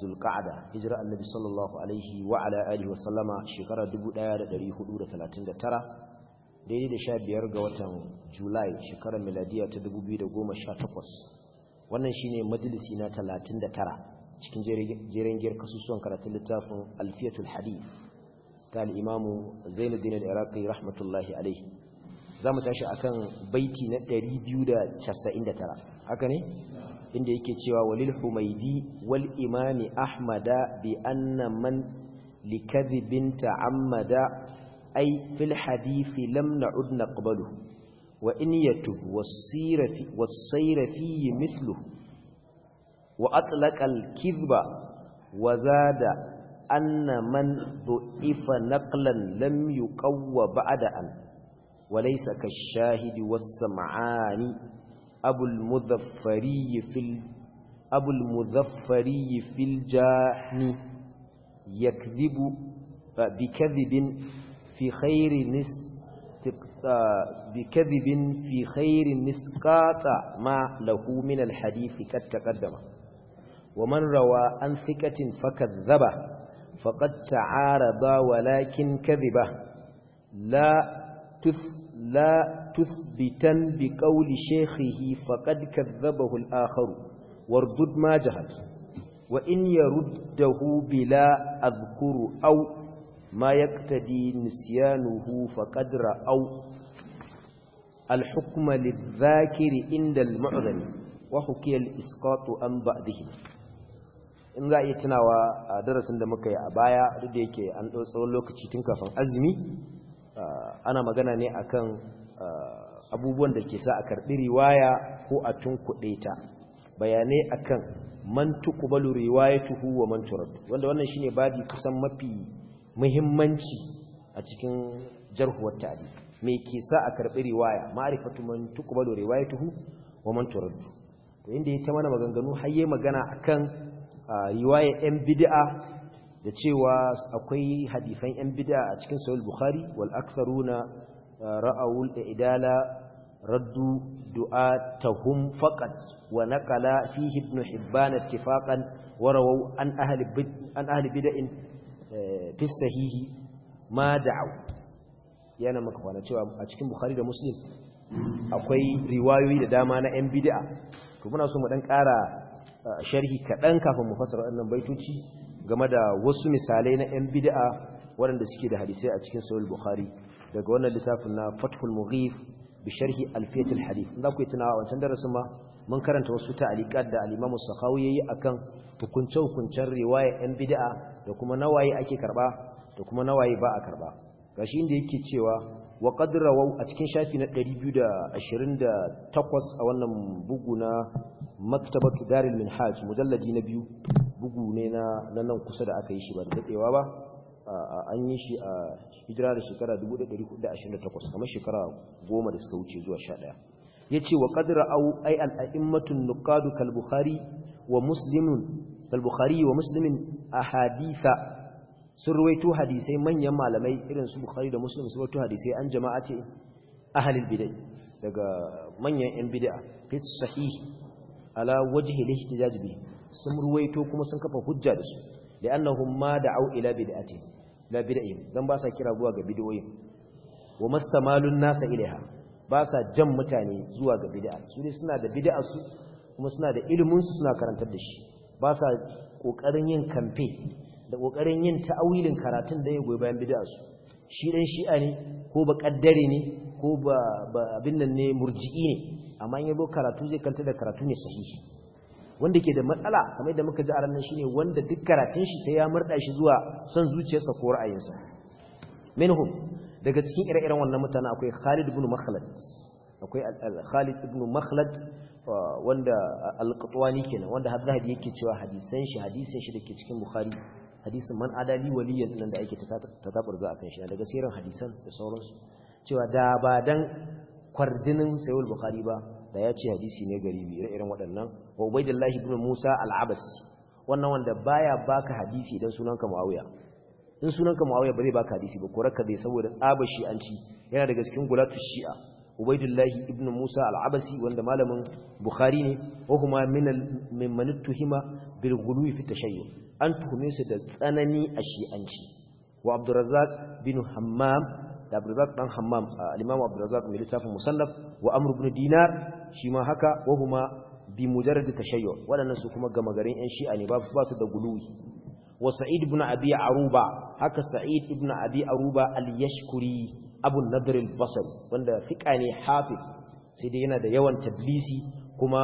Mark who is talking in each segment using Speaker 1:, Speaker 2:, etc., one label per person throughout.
Speaker 1: zulqa'ada hijira annabi sallallahu alaihi wa ala alihi wa sallama shekara 1439 daidai da 15 ga watan Julai shekarar miladiya ta 2018 wannan shine majalisi na 39 cikin jeren giyar kasusuwan karatun littafin Alfiyatul Hadith ta al-Imam Zainuddin al-Iraqi rahmatullahi alaihi zamu tashi akan baiti na 299 haka ne inda yake cewa walil humaidi wal imami ahmada bi anna man likadhibin ta'ammada ay fil hadithi lam na'ud naqbalu wa in yatub was-sirafi was-sayrafi mithlu wa atlaqa al-kidhba wa zada anna man du'ifa naqlan lam yuqawwa ba'da an wa laysa kash-shahidi was-sam'ani أبو المذفري في أبو المذفري في الجاحن يكذب بكذب في خير نس بكذب في خير نسقاط ما له من الحديث قد تقدم ومن روى عن ثقة فكذب فقد تعارض ولكن كذبه لا تث لا tuthbitan bi qawli shaykhihi faqad kadhabahu al-akharu wardud ma jahat wa in yaruddahu bila adhkuru aw ma yaqtadi nisyanuhu faqad ra'aw al-hukma lidh inda al wa hukiya al an ba'dihi in za a iya tunawa a darasin da muka yi a baya duk da yake an ɗau tsawon lokaci tun kafin azumi ana magana ne akan Eh, abubuwan da ke sa a karɓi riwaya ko a tunkuɗe ta bayanai akan man riwaya riwayatuhu wa mantu wanda wannan shi shine babi kusan mafi muhimmanci a cikin jarhuwar tari me ke sa a karɓi riwaya ma'rifatu man riwaya ta wa mantu to inda ya ta mana maganganu har yayi magana kan riwaya yan bid'a da cewa akwai hadifan yan bid'a a cikin sahih bukhari wal aktharuna ra'awul idala raddu du'atahum faqat wa naqala fihi ibn hibban ittifaqan wa rawu an ahli bid an ahli bid'in fi sahihi ma da'u yana maka kwana cewa a cikin bukhari da muslim akwai riwayoyi da dama na yan bid'a to muna so mu dan ƙara sharhi kaɗan kafin mu fasara waɗannan baitoci game da wasu misalai na 'yan bid'a waɗanda suke da hadisai a cikin sahih bukhari daga wannan littafin na fathul mughif bi sharhi alfiyat in za ku yi tunawa wancan darasin ma mun karanta wasu ta'aliqat da al-imam as-sakhawi yayi akan hukunce hukuncen riwaya yan bid'a da kuma nawaye ake karba da kuma nawaye ba a karba gashi inda yake cewa wa qad rawaw a cikin shafi na 228 a wannan bugu na maktabatu daril minhaj mujalladi na biyu bugu ne na nan kusa da aka yi shi ba da dadewa ba an yi shi a hijira da shekara 1428 kamar shekara goma da suka wuce zuwa 11 ce wa qadra au ai al’a’immatun nukadu kalbukhari wa musulmin kal bukhari sun ruwaito hadisai manyan malamai irin su bukhari da muslim sun ruwaito hadisai an jama'a ce ahlul bidai daga manyan yan a fit sahih ala waje al ta bi sun ruwaito kuma sun kafa hujja da su لأنهم ما دعوا إلى بدعته la bid'in dan ba sa kira zuwa ga bid'o'in wa mastamalun nasa ilaiha ba sa jan mutane zuwa ga bid'a su ne suna da bid'a su kuma suna da ilimin su suna karantar da shi ba sa kokarin yin kamfe da kokarin yin ta'awilin karatun da ya goyi bayan bid'a su shi dan shi'a ne ko ba kaddare ne ko ba abin nan ne murji'i ne amma in yabo karatu zai kanta da karatu ne sahihi wanda ke da matsala kamar yadda muka ji a ranar shine wanda duk karatun shi ta ya murda shi zuwa son zuciyarsa ko ra'ayinsa minhum daga cikin ire-iren wannan mutane akwai Khalid ibn Makhlad akwai Khalid ibn Makhlad uh, wanda al-Qutwani kenan wanda Zahabi yake cewa hadisan shi hadisan shi dake cikin Bukhari hadisin man adali waliyan nan da ake ta tabarza akan shi daga sirrin hadisan da sauransu cewa da ba dan kwarjinin Sahih Bukhari ba da ya ce hadisi ne garibi ire-iren waɗannan wa ubaidillahi ibn musa al wannan wanda baya baka hadisi idan sunanka muawiya in sunanka muawiya ba zai baka hadisi ba ko raka saboda tsaba shi'anci yana daga cikin gulatu shi'a ubaidillahi ibn musa al wanda malamin bukhari ne wa huma min mimman tuhima bil ta fi tashayyu an tuhume su da tsanani a shi'anci wa abdurrazzaq bin hammam da abdurrazak dan hammam al-imam abdurrazak mai littafin musallaf wa amru ibn dinar shi ma haka wa huma bi mujarrad tashayyu wadannan su kuma gama garin yan shi'a ne ba su da guluwi wa sa'id ibn abi aruba haka sa'id ibn abi aruba al-yashkuri abu nadr al wanda fiqa ne hafiz sai dai yana da yawan tadlisi kuma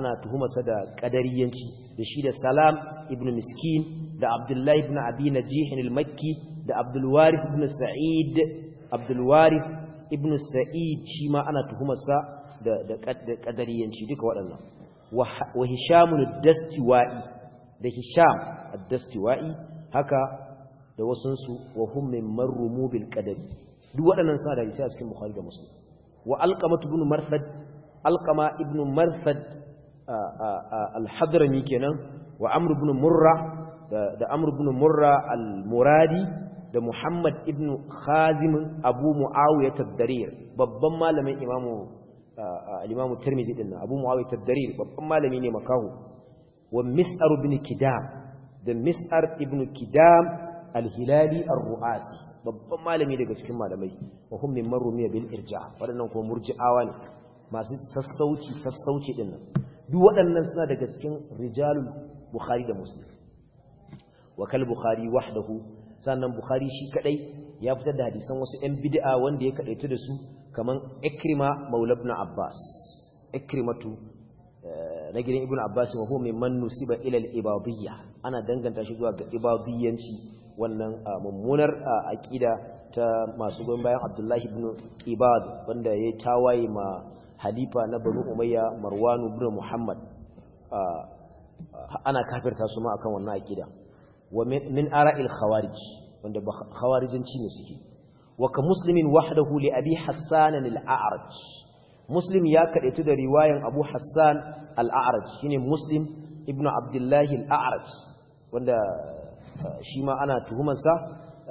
Speaker 1: ana sa da qadariyanci da shi da salam ibn miskin da abdullahi ibn abi najihin al-makki da abdulwarif ibn sa'id abdulwarif ibn sa'id shi ma ana tuhumarsa da ƙadariyanci duka waɗannan wa hishamun dastiwa'i da hisham dastiwa'i haka da wasunsu wa hum min marrumu bil qadari duk waɗannan suna da hadisi a cikin da muslim wa alƙamatu ibn marfad alqama ibn marfad al-hadrami kenan wa amr ibn murra da amr ibn murra al-muradi da Muhammad ibn Khazim Abu Muawiyah ad babban malamin Imam al-Imam Tirmidhi din Abu Muawiyah ad babban malami ne makahu wa Mis'ar ibn Kidam da Mis'ar ibn Kidam al-Hilali ar-Ru'asi babban malami daga cikin malamai wa hum min marumiya bil irja wadannan kuma murji'awa ne masu sassauci sassauci din duk waɗannan suna daga cikin rijalul Bukhari da Muslim wa kal Bukhari wahdahu sannan bukhari shi kadai ya fitar da hadisan wasu yan bid'a wanda ya kadaita da su kaman ikrima maula ibn abbas ikrimatu eh, na gidan ibn abbas wa huwa mimman nusiba ila al-ibadiyya ana danganta shi zuwa ga ibadiyyanci wannan ah, mummunar ah, aqida ta masu goyon bayan abdullahi ibn ibad wanda ya tawaye ma halifa na banu umayya marwan ibn muhammad ah, ana kafirta su ma akan wannan aqida wa min ara'il khawarij wanda khawarijanci ne suke wa ka muslimin wahdahu li abi hassan al-a'raj muslim ya kadaitu da riwayan abu hassan al-a'raj shine muslim ibnu abdullah al-a'raj wanda eh, shi ma ana tuhumar sa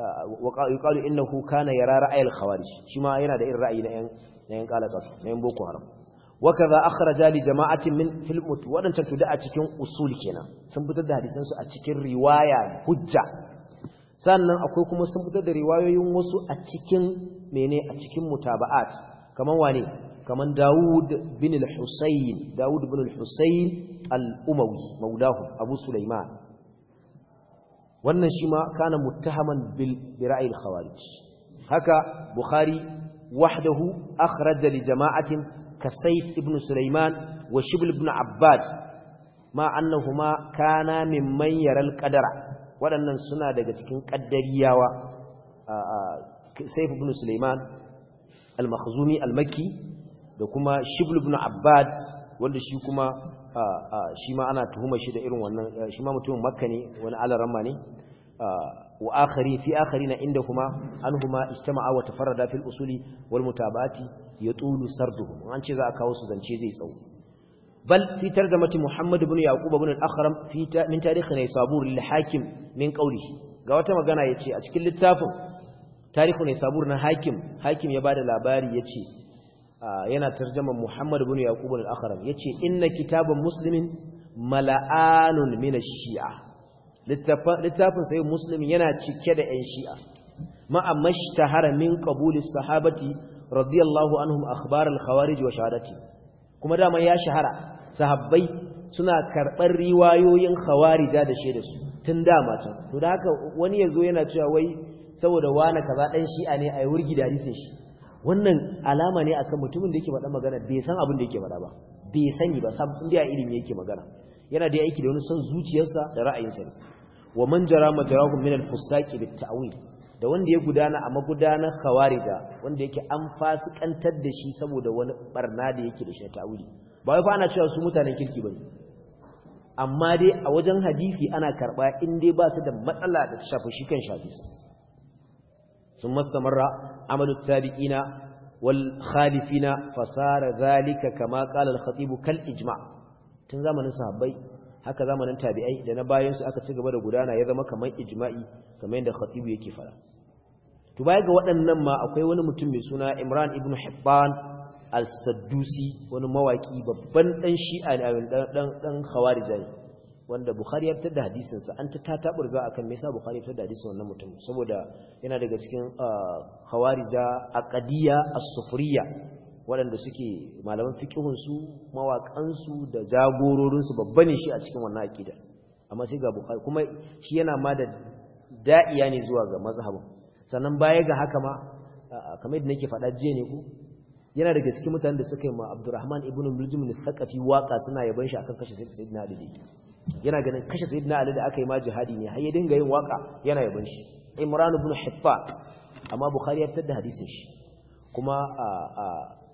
Speaker 1: eh, yuqalu innahu kana yara ra'ayil khawarij shi ma yana da irin ra'ayi na yan na yan kalaka na yan boko haram wakaza akhraja li jama'atin min fil mut wadancan a cikin usul kenan sun fitar da hadisan a cikin riwaya hujja sannan akwai kuma sun fitar da riwayoyin wasu a cikin mene a cikin mutaba'at kaman wane kaman Dawud bin al-Husayn bin al-Husayn maudahu Abu Sulaiman wannan shi ma kana muttahaman bil bira'i al-khawarij haka Bukhari wahdahu akhraja li jama'atin كسيف ابن سليمان وشبل بن عباد ما أنهما كانا ممن يرى القدر waɗannan suna daga cikin ƙaddariyawa saif ibn Sulaiman al-Makhzumi al-Makki da kuma Shibl ibn Abbad wanda shi kuma shi ma ana tuhuma shi da irin wannan shi ma mutumin Makka ne wani ne وآخرين في آخرين عندهما أنهما اجتمعا وتفردا في الأصول والمتابعات يطول سردهم عن شيء ذاك وسوزن شيء زي سو بل في ترجمة محمد بن يعقوب بن الأخرم في تا من تاريخ نيسابور للحاكم من قوله ga wata magana yace a cikin littafin tarihu ne sabur na hakim hakim ya da labari yana tarjaman Muhammad bin Yaqub al-Akhram yace inna kitaban muslimin mala'anun mina shia littafin sayi muslim yana cike da 'yan shi'a ma'a mashtahara min ƙabulis sahabati radiyallahu anhum akhbaral khawarij wa shahadati kuma dama ya shahara sahabbai suna karɓar riwayoyin khawarija da shaida su tun dama can to da haka wani ya zo yana cewa wai saboda wani kaza ɗan shi'a ne a yi wurgi da hadisin shi wannan alama ne akan mutumin da yake faɗa magana bai san abin da yake faɗa ba bai sani ba sam inda ilimi yake magana yana da aiki da wani son zuciyarsa da ra'ayinsa wa man jara majarahu min al-fusaqi bit-ta'wil da wanda ya gudana a magudanar khawarija wanda yake an fasikantar da shi saboda wani barna da yake da shi ta'wili ba wai fa ana cewa su mutanen kirki bane amma dai a wajen hadisi ana karba in dai ba su da matsala da shafi shi kan shafi sun mastamarra amalu tabi'ina wal khalifina fasara zalika kama qala al-khatib kal ijma' tun zamanin sahabbai haka zamanin tabi'ai da na bayan aka ci gaba da gudana ya zama kamar ijma'i kamar yadda khatibu yake fara to baya ga waɗannan ma akwai wani mutum mai suna Imran ibn Hibban al-Saddusi wani mawaki babban dan Shi'a ne dan dan Khawarij ne wanda Bukhari ya fitar da hadisin sa an ta tatabar za akan me yasa Bukhari ya fitar da hadisin wannan mutum saboda yana daga cikin ah, Khawarija aqdiyya as-sufriyya waɗanda suke malaman fikihunsu mawaƙansu da jagororinsu babba ne shi a cikin wannan aƙida amma sai ga Buhari. kuma shi yana ma da da'iya ne zuwa ga mazhabin sannan baya ga haka ma kamar yadda nake faɗa jiya ne ku yana daga cikin mutanen da suka yi ma abdurrahman ibn muljim ne sakafi waka suna yaban shi akan kashe sayyidina ali yana ganin kashe sayyidina ali da aka yi ma jihadi ne har ya dinga yin waka yana yaban shi imran ibn hiffa amma bukhari ya fitar da hadisin shi kuma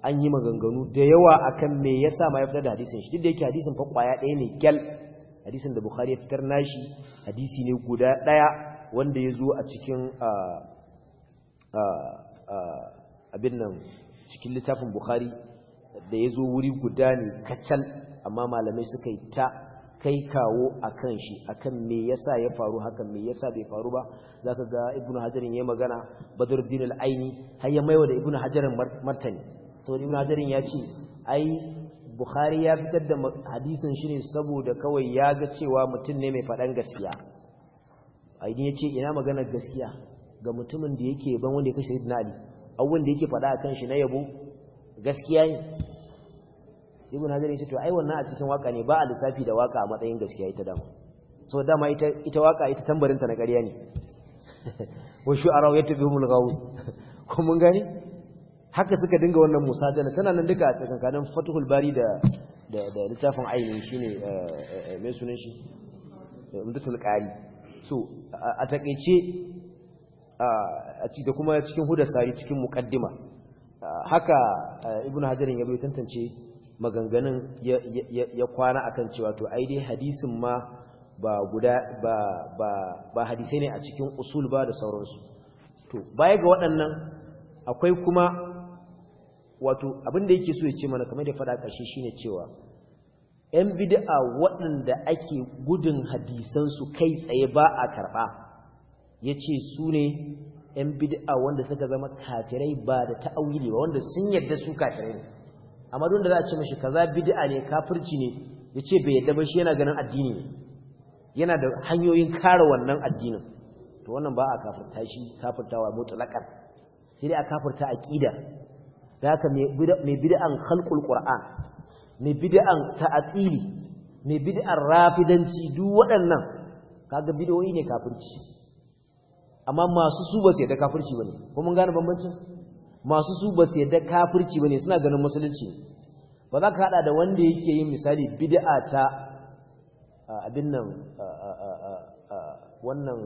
Speaker 1: an yi maganganu da yawa akan me yasa ma ya fitar da hadisin shi duk da yake hadisin fa kwaya ɗaya ne gyal hadisin da bukhari ya fitar nashi hadisi ne guda ɗaya wanda ya zo a cikin abin nan cikin littafin bukhari da ya zo wuri guda ne kacal amma malamai suka yi ta kai kawo a kan shi a kan me yasa ya faru hakan me yasa bai faru ba za ka ga ibn hajarin ya magana badruddin al'aini har ya maiwa da ibn hajarin martani sauri ibn ya ce ai bukhari ya fitar da hadisin shi ne saboda kawai ya ga cewa mutum ne mai faɗan gaskiya aidin ya ce ina magana gaskiya ga mutumin da yake ban wanda ya kashe sayyidina ali abubuwan da yake faɗa kan shi na yabo gaskiya ne ibn hajar ya ce to ai wannan a cikin waka ne ba a lissafi da waka a matsayin gaskiya ita dama so dama ita ita waka ita tambarinta na ƙarya ne wa shu'ara yatbihumul ghawun ko mun gani haka suka dinga wannan musajana tana nan duka a tsakankanin fatuhul bari da da littafin ainihin shine eh, eh, eh, mai sunan shi umdatul qari so a takeice a ci da kuma cikin hudasari cikin mukaddima haka ibn hajar ya bai tantance maganganun ya kwana akan cewa to ai dai hadisin ma ba guda ba ba hadisai ne a cikin usul ba da sauransu to baya ga waɗannan akwai kuma wato abin da yake so ya ce mana kamar da faɗa ƙarshe shine cewa ‘yan bid'a waɗanda ake gudun hadisansu kai tsaye ba a karɓa ya ce su ne ‘yan bid'a wanda suka zama kafirai ba da ta'awili ba wanda sun yadda su kafirai ne amma da za a ce mashi kaza bid'a ne kafirci ne ya ce bai yadda ba shi yana ganin addini ne yana da hanyoyin kare wannan addinin to wannan ba a kafirta shi kafirtawa mutlaqan sai dai a kafirta aqida da haka mai bid'an khalqul qur'an mai bid'an ta'atili mai bid'an rafidanci duk waɗannan kaga bid'o'i ne kafirci amma masu su ba su yadda kafirci bane ko mun gane bambancin masu su ba su yadda kafirci bane suna ganin musulunci ba za ka hada da wanda yake yin misali bid'a ta abin nan wannan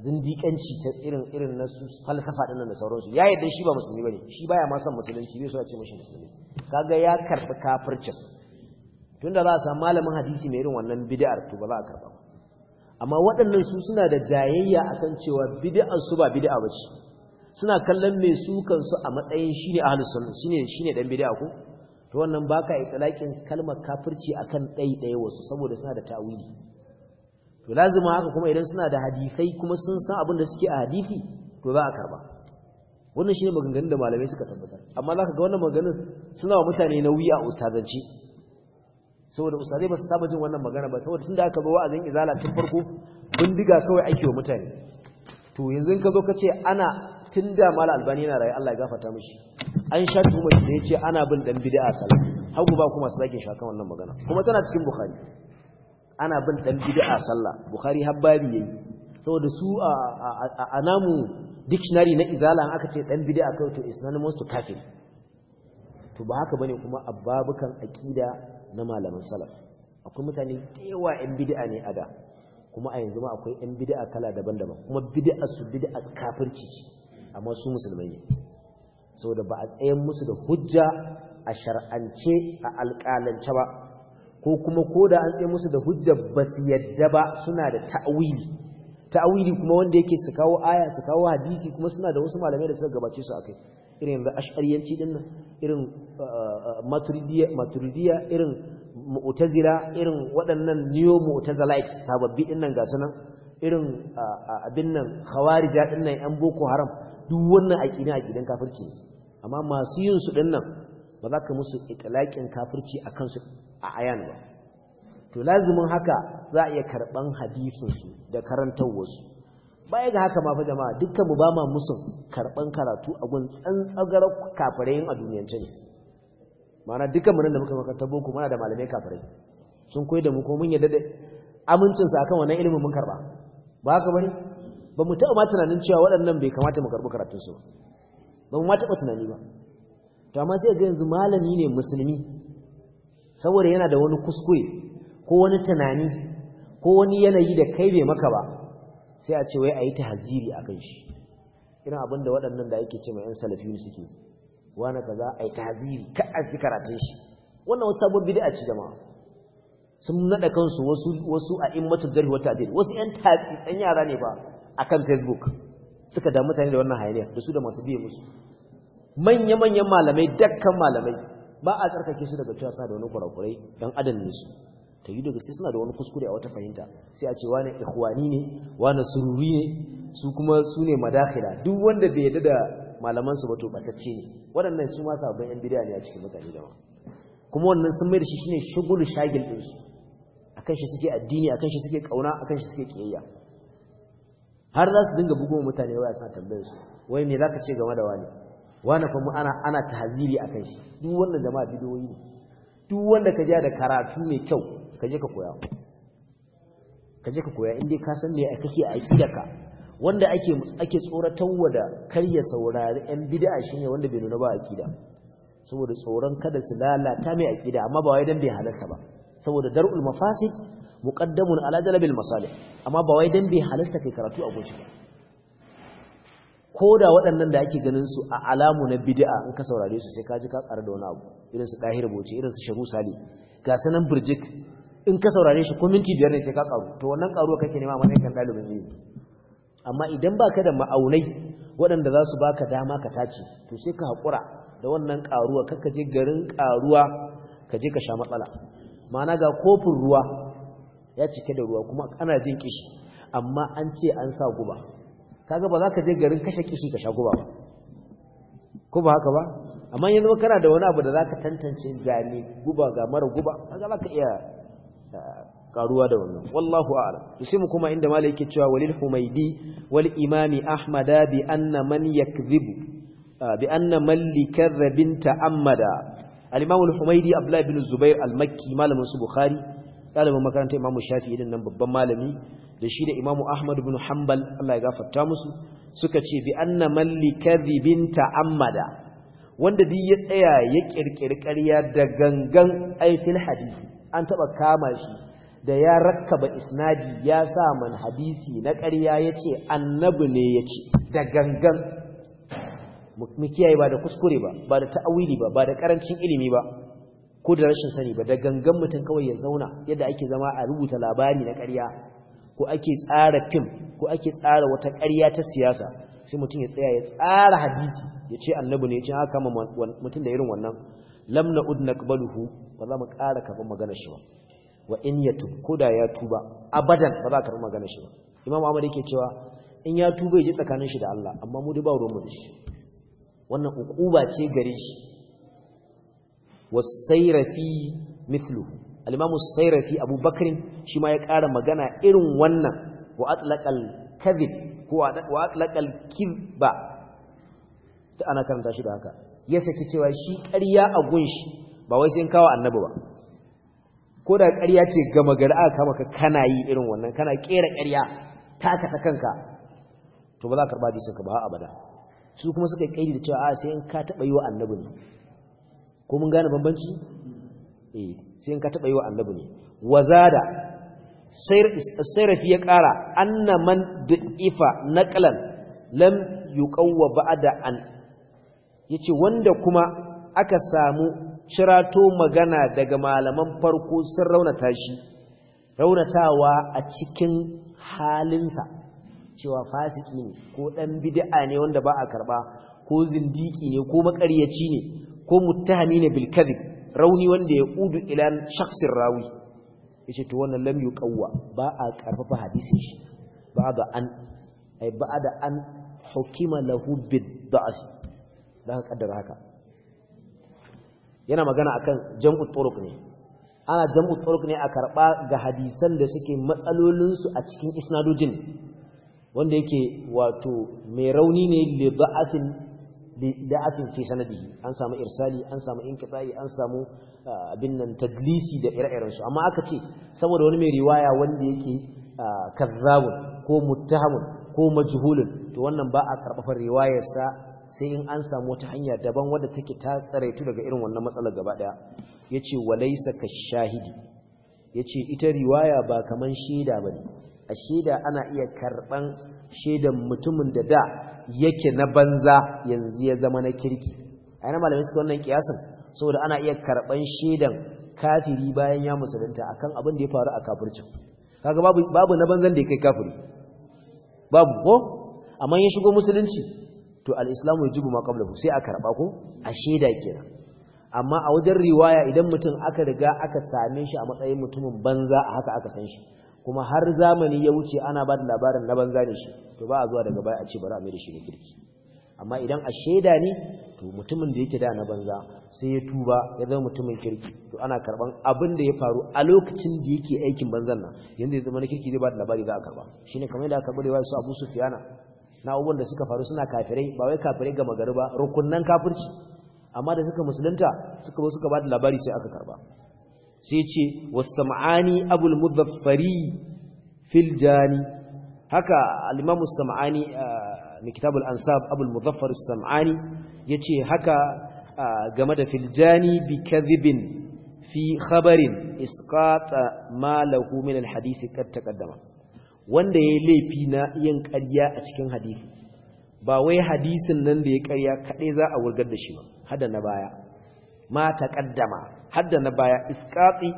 Speaker 1: zindikanci ta irin irin na su falsafa ɗin da sauransu ya yi shi ba musulmi bane shi baya ma son musulunci bai so a ce mashi musulmi kaga ya karɓi kafircin tunda za a samu malamin hadisi mai irin wannan bid'ar to ba za a karɓa amma waɗannan su suna da jayayya akan cewa bid'ar su ba bid'a bace suna kallon mai su kansu a matsayin shine ahlus sunna shine ne dan bid'a ko to wannan baka itlaqin kalmar kafirci akan ɗaya wasu saboda suna da tawili to lazima haka kuma idan suna da hadisai kuma sun san abin da suke a hadisi to za a karba wannan shine maganganun da malamai suka tabbatar amma zaka ga wannan maganganun suna wa mutane nauyi a ustazanci saboda ustazai ba su saba jin wannan magana ba saboda tunda aka zo azan izala tun farko bindiga kawai ake wa mutane to yanzu ka zo ka ce ana tunda malam albani yana raye Allah ya gafarta mishi an sha tuhumar da yace ana bin dan bid'a sallah hagu ba kuma sake shakan wannan magana kuma tana cikin bukhari ana bin dan bid'a sallah bukhari habbabi yayi saboda su a namu dictionary na izala an aka ce dan bid'a kai to is nan musu kafir to ba haka bane kuma abbabukan aqida na malaman salaf akwai mutane yawa yan bid'a ne ada kuma a yanzu ma akwai yan bid'a kala daban-daban kuma bid'a su bid'a kafirci amma su musulmai ne saboda ba a tsayen musu da hujja a shar'ance a alƙalance ba ko kuma ko da an tsaye musu da hujjar ba su yadda ba suna da ta'awili ta'awili kuma wanda yake su kawo aya su kawo hadisi kuma suna da wasu malamai da suka gabace su akai irin yanzu ash'ariyanci din nan irin uh, uh, maturidiyya maturidiyya irin mu'tazila irin waɗannan neo mu'tazilites sababbi din nan ga sunan irin uh, abin nan khawarija din nan yan boko haram duk wannan aqida aqidan kafirci amma masu yin su din nan ba za ka musu ikilakin kafirci akan su a ayan ba to lazimin haka za a iya karban hadisinsu da karantar wasu baya ga haka ma fa jama'a dukkan mu ba ma musun karban karatu a gun tsantsagar kafirai a duniyance ne ma'ana dukkan mu nan da muka makarantar boko muna da malamai kafirai sun koyi da mu ko mun yadda da amincin sa akan wannan ilimin mun karba ba haka bane ba mu taɓa ma tunanin cewa waɗannan bai kamata mu karɓi karatunsu su ba mu ma taɓa tunani ba to amma sai ga yanzu malami ne musulmi saboda yana da wani kuskure ko wani tunani ko wani yanayi da kai bai maka ba sai a ce wai a yi ta haziri a kan shi irin abin da waɗannan da ake ce mai yan salafiyun suke wani ka za a yi ta haziri ka a ji karatun shi wannan wata sabon a ci jama'a sun naɗa kansu wasu wasu a in mata zarhi wata adil wasu yan ɗan yara ne ba akan facebook suka damu mutane da wannan hayaniya da su da masu biye musu manya-manyan malamai dakkan malamai ba a tsarkake su daga cewa suna da wani kurakurai dan ne su ta yi daga sai suna da wani kuskure a wata fahimta sai a ce wani ikhwani ne wani sururi ne su kuma su ne madakhila duk wanda bai yarda da malamansu su ba to batacce ne waɗannan su ma sababbin yan bid'a ne a cikin mutane da ma kuma wannan sun mai da shi shine shugulu shagil din su akan shi suke addini akan shi suke kauna akan shi suke kiyayya har za su dinga bugun mutane waya suna tambayar su wai me zaka ce game da wani wani fa ana ana tahziri akan shi duk wanda jama'a bidoyi ne duk wanda ka ja da karatu mai kyau ka je ka koya ka je ka koya in dai ka san me kake a ka wanda ake ake wa da karya saurari yan bid'a shine wanda bai nuna ba a kida saboda tsoron kada su lalata mai akida amma ba wai dan bai halasta ba saboda dar'ul mafasid muqaddamun ala jalbil masalih amma ba wai dan bai halasta kai karatu a guji ko da waɗannan da ake ganin su a alamu na bidi'a in ka saurare su sai ka ji ka ƙara da wani abu irin su ɗahir bauchi irin su sali ga sanan birjik in ka saurare shi ko minti biyar ne sai ka ƙaru to wannan ƙaruwa kake nema wani kan ɗalibin ne. amma idan baka da ma'aunai waɗanda za su baka dama ka tace to sai ka haƙura da wannan ƙaruwa kakka je garin ƙaruwa ka je ka sha matsala ma'ana ga kofin ruwa ya cike da ruwa kuma kana jin kishi amma an ce an sa guba kaga ba za ka je garin kashe kishi ka sha guba ba ko ba haka ba amma yanzu kana da wani abu da za ka tantance ga ne guba ga mara guba kaga za ka iya ah, karuwa da wannan wallahu a'lam mu kuma inda malai yake cewa walil humaidi wal imami ahmada bi anna man yakdhibu ah, bi anna man likadhabin ta'ammada al-imam al-humaidi abdullah ibn zubair al-makki malamin su bukhari ɗalibin makarantar imamu shafi irin nan babban malami da shi da imamu ahmad bin hanbal Allah ya gafarta musu suka ce bi anna malli kadhibin ta'ammada wanda duk ya tsaya ya kirkiri ƙarya da gangan aifin hadisi an taba kama shi da ya rakkaba isnadi ya sa man hadisi na ƙarya yace annabi ne yace da gangan mu kiyaye ba da kuskure ba ba da ta'awili ba ba da karancin ilimi ba ko da rashin sani ba da gangan mutum kawai ya zauna yadda ake zama a rubuta labari na karya. ko ake tsara fim ko ake tsara wata ƙarya ta siyasa sai mutum ya tsaya ya tsara hadisi ya ce annabi ne ya ce haka mutum da irin wannan lam udnak baluhu ba za mu ƙara kafin magana shi ba wa in ya ko da ya tuba abadan ba za ka karɓi magana shi ba imam ahmad yake cewa in ya tuba ya ji tsakanin shi da Allah amma mu dai ba ruwan mu da shi wannan uquba ce gare shi wasairafi mithluhu al-imamu sairafi abubakrin shi ma ya ƙara magana irin wannan wa atlaqal kadhib ko wa atlaqal kibba ta ana karanta shi da haka ya saki cewa shi ƙarya a gunshi ba wai sai kawo annabi ba ko da ƙarya ce gama gari aka kama ka kana yi irin wannan kana ƙera ƙarya taka ta kanka to ba za ka karɓa hadisin ka ba abada su kuma suka yi ƙaidi da cewa a sai in ka taɓa yi wa annabi ne ko mun gane bambanci eh sai in ka taba yi wa annabi ne wazada sayrafi ya kara anna man du'ifa naqlan lam yuqawwa ba'da an yace wanda kuma aka samu cirato magana daga malaman farko sun raunata shi raunatawa a cikin halinsa cewa fasiki ne ko dan bid'a ne wanda ba a karba ko zindiki ne ko makaryaci ne ko muttahami ne bil kadhib rauni wanda ya kudu ilan shaksin rawi ya ce to wannan lamyu yuqawwa ba a karfafa hadisin shi ba da an ba da an hukima da ka kaddara haka yana magana akan jam'u turuq ne ana jam'u turuq ne a karba ga hadisan da suke matsalolinsu a cikin isnadojin wanda yake wato mai rauni ne li da'afin Da bid'atin fi sanadihi an samu irsali an samu inqita'i an samu ah, abin nan tadlisi da ire-iren amma aka ce saboda wani mai riwaya wanda yake ah, kazzabun ko muttahamun ko majhulun to wannan ba a karɓar riwayarsa sai in an samu wata hanya daban wadda take ta tsaraitu daga irin wannan matsalar gaba daya yace walaysa ka shahidi yace ita riwaya ba kaman shaida bane a shaida ana iya karɓan. shaidan mutumin da da yake na banza yanzu ya zama na kirki a yana malamai suka wannan kiyasin saboda ana iya karɓan shaidan kafiri bayan ya musulunta akan abin da ya faru a kafircin kaga babu babu na banzan da ya kai kafiri babu ko amma ya shigo musulunci to al-islamu yajibu ma ku sai a karba ko a shaida kenan amma a wajen riwaya idan mutum aka riga aka same shi a matsayin mutumin banza a haka aka san shi kuma har zamani ya wuce ana ba da labarin na banza ne shi to ba a zuwa daga baya a ce bari a mai da shi ne kirki amma idan a shaida ne to mutumin da yake da na banza sai ya tuba ya zama mutumin kirki to ana karban abin da ya faru a lokacin da yake aikin banzan nan yanda ya zama na kirki zai ba da labari za a karba shine kamar yadda aka wa su Abu Sufyana na abubuwan da suka faru suna kafirai ba wai kafirai ga gari ba rukunnan kafirci amma da suka musulunta suka zo suka ba da labari sai aka karba sai ce wasam'ani abul mudaffari fil jani haka al-imamu sam'ani eh, mai kitabul ansab abul mudaffar sam'ani yace haka eh, game da fil jani bi kadhibin fi khabarin isqata ma lahu min al-hadith kad taqaddama wanda yayi laifi na yin ƙarya a cikin hadisi ba wai hadisin nan da ya ƙarya kaɗai za a wurgar da shi ba hada na baya ma taqaddama hadda na baya isqati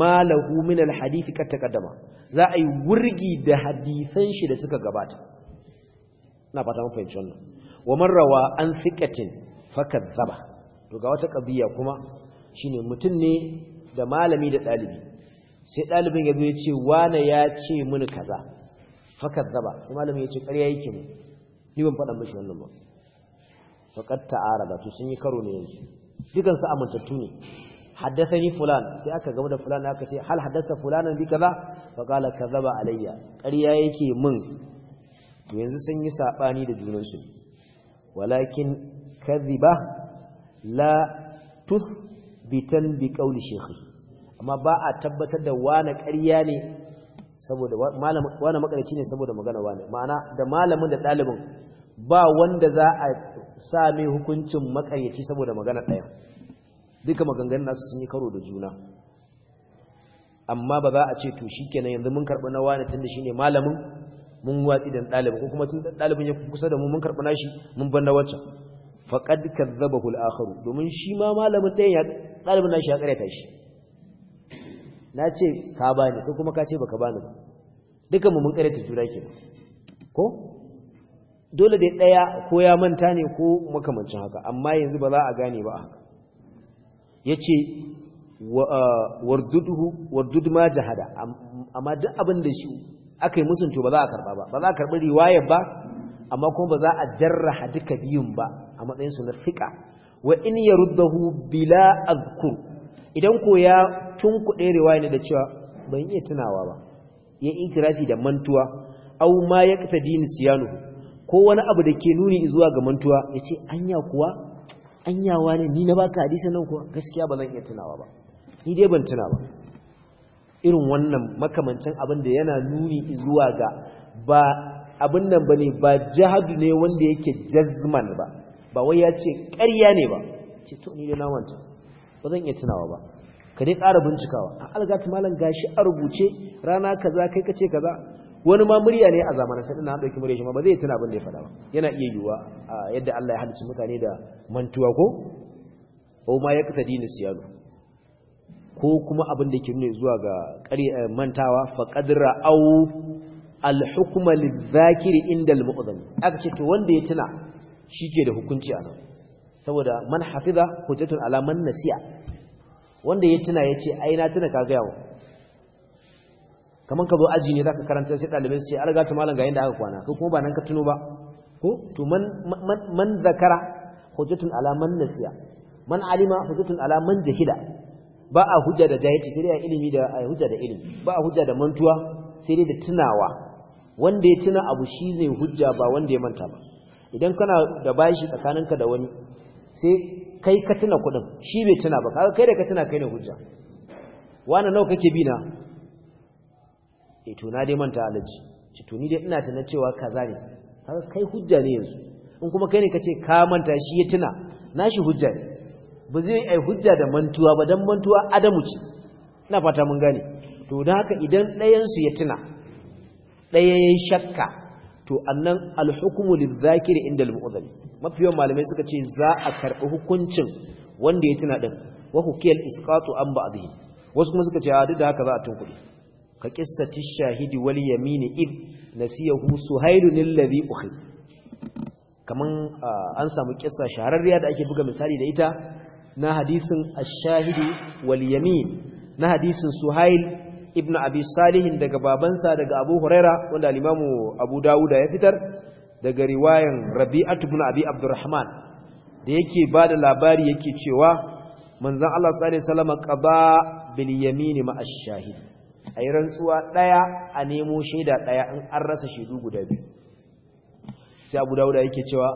Speaker 1: ma lahu min alhadith kad taqaddama za a yi wurgi da hadisan shi da suka gabata na fata mun fahimci wannan wa marrawa rawa an thiqatin zaba. to ga wata qadiya kuma shine mutum ne da malami da dalibi sai ɗalibin ya zo ce wane ya ce mini kaza zaba, sai malamin ya ce ƙarya yake ne ni ban faɗa mishi wannan ba faqad ta'arada to sun yi karo ne yanzu dukan su amintattu ne haddathani fulan sai aka gaba da fulan aka ce hal haddatha fulanan bi kaza fa qala kazaba alayya ƙarya yake mun to yanzu sun yi sabani da junan su walakin kadhiba la tuthbitan bi qawli shaykhi amma ba a tabbatar da wani ƙarya ne saboda malamin wani makarci ne saboda magana wani ma'ana da malamin da dalibin ba wanda za a sa hukuncin makaryaci saboda magana ɗaya duka maganganun nasu sun yi karo da juna amma ba za a ce to shi kenan yanzu mun karɓi na wani tun da shi ne malamin mun watsi da ɗalibin ko kuma tun da ɗalibin ya kusa da mu mun karɓi nashi mun ban na waccan faƙad zaba al-akharu domin shi ma malamin ɗayan ya ɗalibin nashi ya ƙaryata shi na ce ka bani ko kuma ka ce baka bani ba dukan mu mun ƙaryata juna kenan ko dole dai ɗaya ko ya manta ne ko makamancin haka amma yanzu ba za a gane ba haka ya ce wardudu ma jihada. amma duk abin da shi aka yi musuntu ba za a karɓa ba ba za a karɓi riwaya ba amma kuma ba za a jarra ka biyun ba a matsayinsu na fiƙa wa in ya ruddahu bila azkur idan ko ya tunkuɗe riwaya ne da cewa ban iya tunawa ba ya ikirafi da mantuwa au ma ya dini siyanuhu ko wani abu da ke nuni zuwa ga mantuwa ya ce anya kuwa anyawa ne ni na baka hadisa nan kuwa gaskiya ba zan iya tunawa ba ni dai ban tuna ba irin wannan makamancin abin da yana nuni zuwa ga ba abin nan ba ne ba jihadu ne wanda yake jazman ba ba wai ya ce ƙarya ne ba ce to ni dai na manta ba zan iya tunawa ba ka dai ƙara bincikawa a algatu malam gashi a rubuce rana kaza kai ka ce kaza wani ma murya ne a zamanin sai na dauki murya shi ma ba zai tuna abin da ya faɗa ba yana iya yiwuwa yadda Allah ya halicci mutane da mantuwa ko ko ma ya kasa dini siyanu ko kuma abin da yake nuna zuwa ga eh, mantawa fa qadra au al hukm lidh zakir inda al aka ce to wanda ya tuna shike da hukunci a nan saboda man hafiza hujjatun ala man nasiya wanda ya tuna yace ai na tuna ka ga yawo kamar ka zo aji ne zaka karanta sai dalibai su ce an riga ta malam ga yanda aka kwana ko kuma ba nan ka tuno ba ko to man man zakara hujjatun ala man nasiya man alima hujjatun ala man jahila ba a hujja da jahilci sai dai ilimi da a hujja da ilimi ba a hujja da mantuwa sai dai da tunawa wanda ya tuna abu shi ne hujja ba wanda ya manta ba idan kana da bashi tsakaninka da wani sai kai ka tuna kuɗin shi bai tuna ba kai da ka tuna kai ne hujja wani nawa kake bi na e to na dai manta alaji ci to ni dai ina tana cewa kaza ne kaga kai hujja ne yanzu in kuma kai ne kace ka manta shi ya tuna nashi hujja ne ba zai ai hujja da mantuwa ba dan mantuwa adamu ce ina fata mun gane to dan haka idan ɗayan su ya tuna ɗaya yayin shakka to annan alhukmu lidh da inda al Mafi yawan malamai suka ce za a karɓi hukuncin wanda ya tuna din wa hukiyal isqatu an ba'dhi wasu kuma suka ce a duk da haka za a tunkuɗe ka qissati shahidi wal yamini siya nasiyahu suhailun alladhi ukhi kaman an samu kissa shahararriya da ake buga misali da ita na hadisin ash-shahidi wal yamin na hadisin suhail ibn abi salihin daga babansa daga abu huraira wanda alimamu abu dawuda ya fitar daga riwayan rabi'atu ibn abi abdurrahman da yake bada labari yake cewa manzon Allah sallallahu alaihi wasallam qaba bil yamin ma ash a yi rantsuwa ɗaya a nemo shaida ɗaya in an rasa shaidu guda biyu sai abu dawuda yake cewa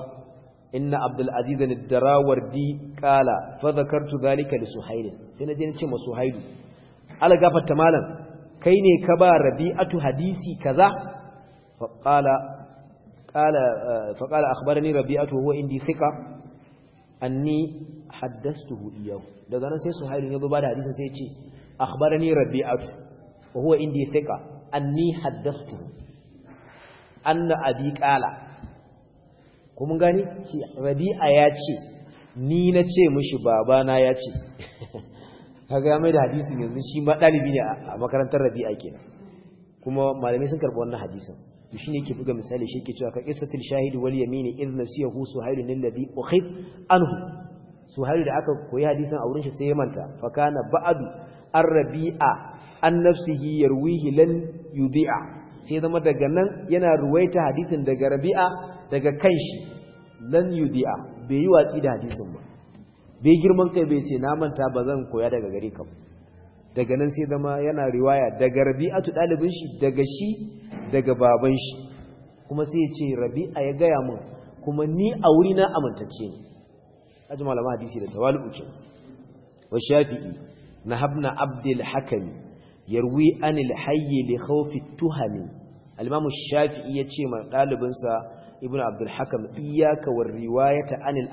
Speaker 1: inna abdul aziz darawar di qala fa zakartu zalika li suhayl sai naje ce ma suhayl ala gafarta malam kai ne ka ba rabi'atu hadisi kaza fa qala qala fa qala akhbarani rabi'atu huwa indi thiqa anni haddastuhu iyahu daga nan sai suhayl ya zo ba da hadisin sai ya ce akhbarani rabi'atu wa huwa indi thiqa anni haddathtu anna abi qala ko gani rabi'a ya ce ni na ce mishi babana ya ce kaga mai da hadisin yanzu shi ma ne a makarantar rabi'a kenan kuma malamai sun karbi wannan hadisin to shine yake buga misali shi yake cewa ka qissatul shahid wal yamin idh nasiyahu suhailun alladhi ukhid anhu suhailu da aka koyi hadisin a wurin shi sai ya manta fa kana ba'du an rabi'a an nafsihi yarwihi lan yudhi'a sai zama daga nan yana ruwaita hadisin daga rabi'a daga kanshi lan yudhi'a bai yi watsi da hadisin ba bai girman kai bai ce na manta ba zan koya daga gare ka daga nan sai zama yana riwaya daga rabi'atu ɗalibin shi daga shi daga baban shi kuma sai ya ce rabi'a ya gaya min kuma ni a wuri na amintacce ne ajmalama hadisi da tawalu ce wa shafi'i nahabna abdul hakami yarwi anil hayy li khawfi tuhami al-imam shafi'i yace ma dalibin ibnu abdul hakam iyyaka war riwayata anil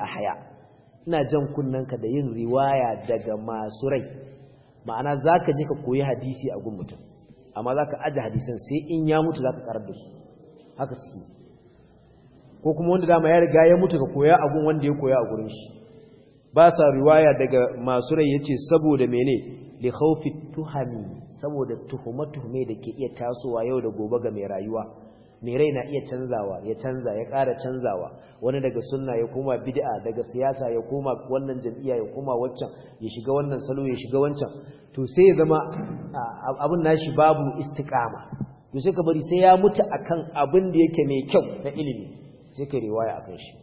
Speaker 1: ina jan kunnanka da yin riwaya daga masu rai ma'ana zaka je ka koyi hadisi a gun mutum amma zaka aje hadisan sai in ya mutu zaka karar da su haka suke ko kuma wanda dama ya riga ya mutu ka koya a gun wanda ya koya a gurin shi ba sa riwaya daga masu rai yace saboda mene li khawfi tuhami saboda tuhuma tuhume da ke iya tasowa yau da gobe ga mai rayuwa mai rai na iya canzawa ya canza ya ƙara canzawa wani daga sunna ya koma bid'a daga siyasa ya koma wannan jam'iyya ya koma waccan ya shiga wannan salo ya shiga wancan to sai ya zama abin nashi babu istikama, to sai ka bari sai ya mutu akan abin da yake mai kyau na ilimi sai ka riwaya akan shi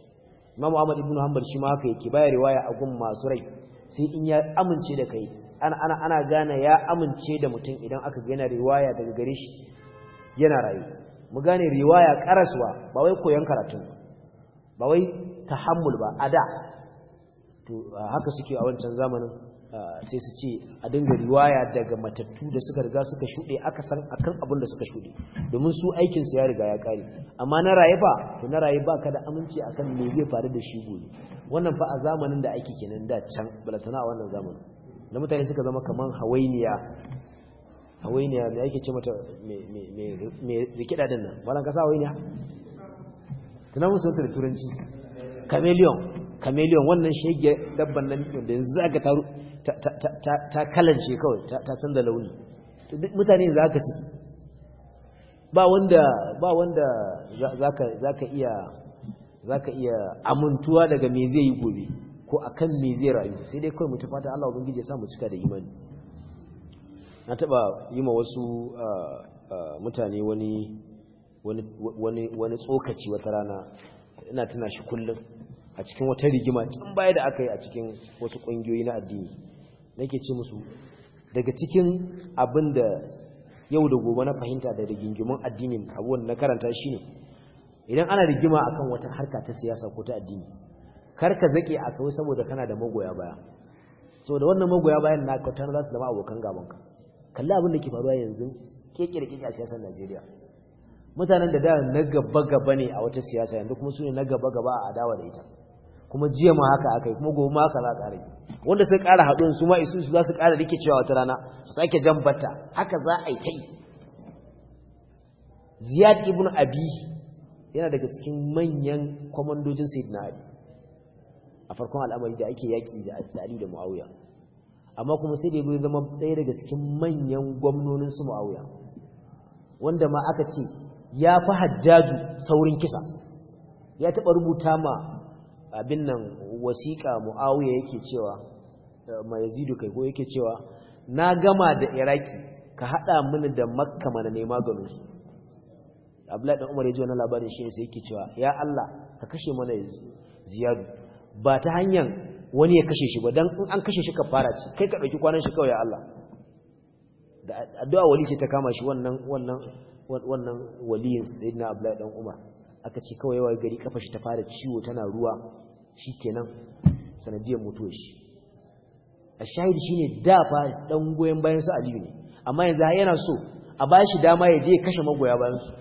Speaker 1: imamu ahmad ibn hanbal shi ma haka yake baya riwaya a gun masu rai sai in ya amince da kai ana ana ana gane ya amince da mutum idan aka yana riwaya daga gare shi yana rayu mu gane riwaya karaswa ba wai koyon karatu ba wai tahammul ba ada to haka suke a wancan zamanin sai su ce a dinga riwaya daga matattu da suka riga suka shuɗe aka san akan abin da suka shuɗe domin su aikin su ya riga ya kare amma na raye fa to na raye ba kada aminci akan me zai faru da shi gobe wannan fa a zamanin da ake kenan da can balatana a wannan zamanin da mutane suka zama kaman hawainiya hawainiya me ake ce mata me rikida din nan wannan kasa hawainiya tunan musu da turanci chameleon chameleon wannan shege dabban nan da yanzu za ka taru ta kalance kawai ta canza launi duk mutane za ka su ba wanda za ka iya amintuwa daga me zai yi gobe ko a kan me zai rayu sai dai kawai mutu fata Allah ubangiji ya sa mu cika da imani na taba yi ma wasu mutane wani wani tsokaci wata rana ina tuna shi kullum a cikin wata rigima kin baya da aka yi a cikin wasu ƙungiyoyi na addini ke ce musu daga cikin abin da yau da gobe na fahimta da rigingimin addini abubuwan na karanta shi ne. idan ana rigima a kan wata harka ta siyasa ko ta addini karka ka zake a kawai saboda kana da magoya baya saboda wannan magoya bayan na kautar za su zama abokan gabanka kalli abin da ke faruwa yanzu ke da a siyasar Najeriya mutanen da da na gaba gaba ne a wata siyasa yanzu kuma su ne na gaba gaba a adawa da ita kuma jiya ma haka aka yi kuma gobe ma haka za ka yi. wanda sai ƙara haɗuwan su ma isu su za su ƙara rike cewa wata rana su sake jan bata haka za a yi ta yi ziyad ibn abi yana daga cikin manyan kwamandojin sayyidina ali a farkon al'amari da ake yaƙi da ali da muawiya amma kuma sai da ya zama ɗaya daga cikin manyan gwamnonin su muawiya wanda ma aka ce ya fi hajjaju saurin kisa ya taɓa rubuta ma abin nan wasiƙa mu'awiya yake cewa mai yazidu kai ko yake cewa na gama da iraki ka haɗa mini da makka mana ne maganinsu abdullahi ɗan umar ya ji wani labarin shi ne sai yake cewa ya allah ka kashe mana ziyadu ba ta hanyar wani ya kashe shi ba don in an kashe shi ka fara ci kai ka ɗauki kwanan shi kawai ya allah da addu'a wali ce ta kama shi wannan wannan wannan waliyin sayyidina abdullahi ɗan umar aka ce kawai yawa gari kafa shi ta fara ciwo tana ruwa shi kenan sanadiyar mutuwa shi a shahidi shi ne dafa ɗan goyon bayan su aliyu ne amma yanzu yana so a ba shi dama ya je kashe magoya bayan su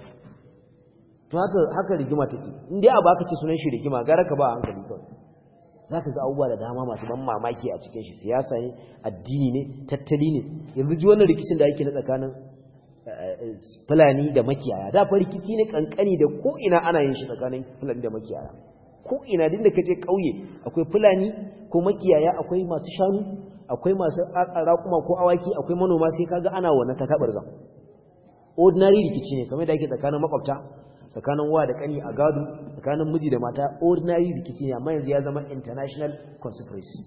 Speaker 1: to haka rigima take in dai abu aka ce sunan shi rigima gara ka ba a hankali kawai za ka ga abubuwa da dama masu ban mamaki a cikin shi siyasa ne addini ne tattali ne yanzu ji wannan rikicin da ake na tsakanin Eh, fulani da makiyaya da fa rikici ne kankani da ko ina ana yin shi tsakanin fulani da makiyaya ko ina din da kace kauye akwai fulani ko makiyaya akwai masu shanu akwai masu raƙuma ko awaki akwai manoma sai kaga ana wannan takabar zan ordinary rikici ne kamar da yake tsakanin makwabta tsakanin wa da kani a gado tsakanin miji da mata ordinary rikici ne amma yanzu ya zama international conspiracy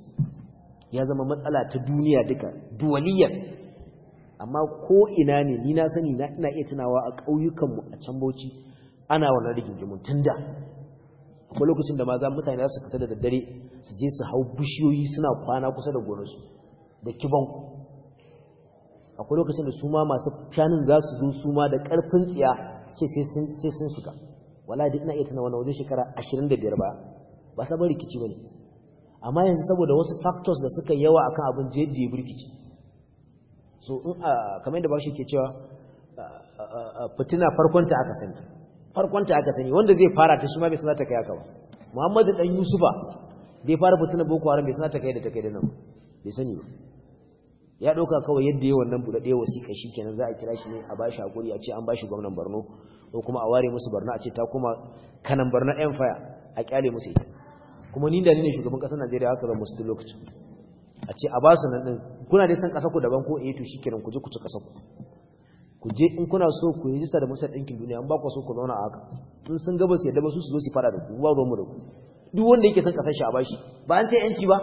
Speaker 1: ya zama matsala ta duniya duka duwaliyar amma ko ina ne ni na sani na ina iya tunawa a ƙauyukanmu a can bauchi ana wani rigingimun tun da akwai lokacin da ma za mutane za su fita da daddare su je su hau bishiyoyi suna kwana kusa da gonarsu da kibon akwai lokacin da su ma masu fyanin za su zo su ma da ƙarfin tsiya suke sai sun shiga wala da ina iya tunawa na wajen shekara ashirin da biyar ba ba sabon rikici ba ne amma yanzu saboda wasu factors da suka yawa akan abin jiyar ya birkici so in ah, kamar yadda bashi ke cewa ah, ah, fitina farkonta aka sani farkonta aka sani wanda zai fara ta shi ma bai sana ta kai aka ba muhammadu dan yusufa zai fara fitina boko haram bai sana ta kai da ta kai da nan bai sani ba ya ɗauka kawai yadda yi wannan buɗaɗɗiyar wasiƙa shi kenan za a kira shi ne a bashi haƙuri a ce an bashi gwamnan barno ko kuma a ware musu barna a ce ta kuma kanan barno yan faya a kyale musu ita kuma ni da ni ne shugaban ƙasar najeriya haka zan musu duk lokacin a ce a basu nan ɗin kuna dai san kasar ku daban ko eh to shikenan ku je ku ci kasar ku je in kuna so ku yi jisa da musa ɗinkin duniya an ba ku so ku zauna haka in sun gaba su yadda ba su su zo su fara da ku ba ruwan mu da ku duk wanda yake son kasar shi a bashi ba an ce yanci ba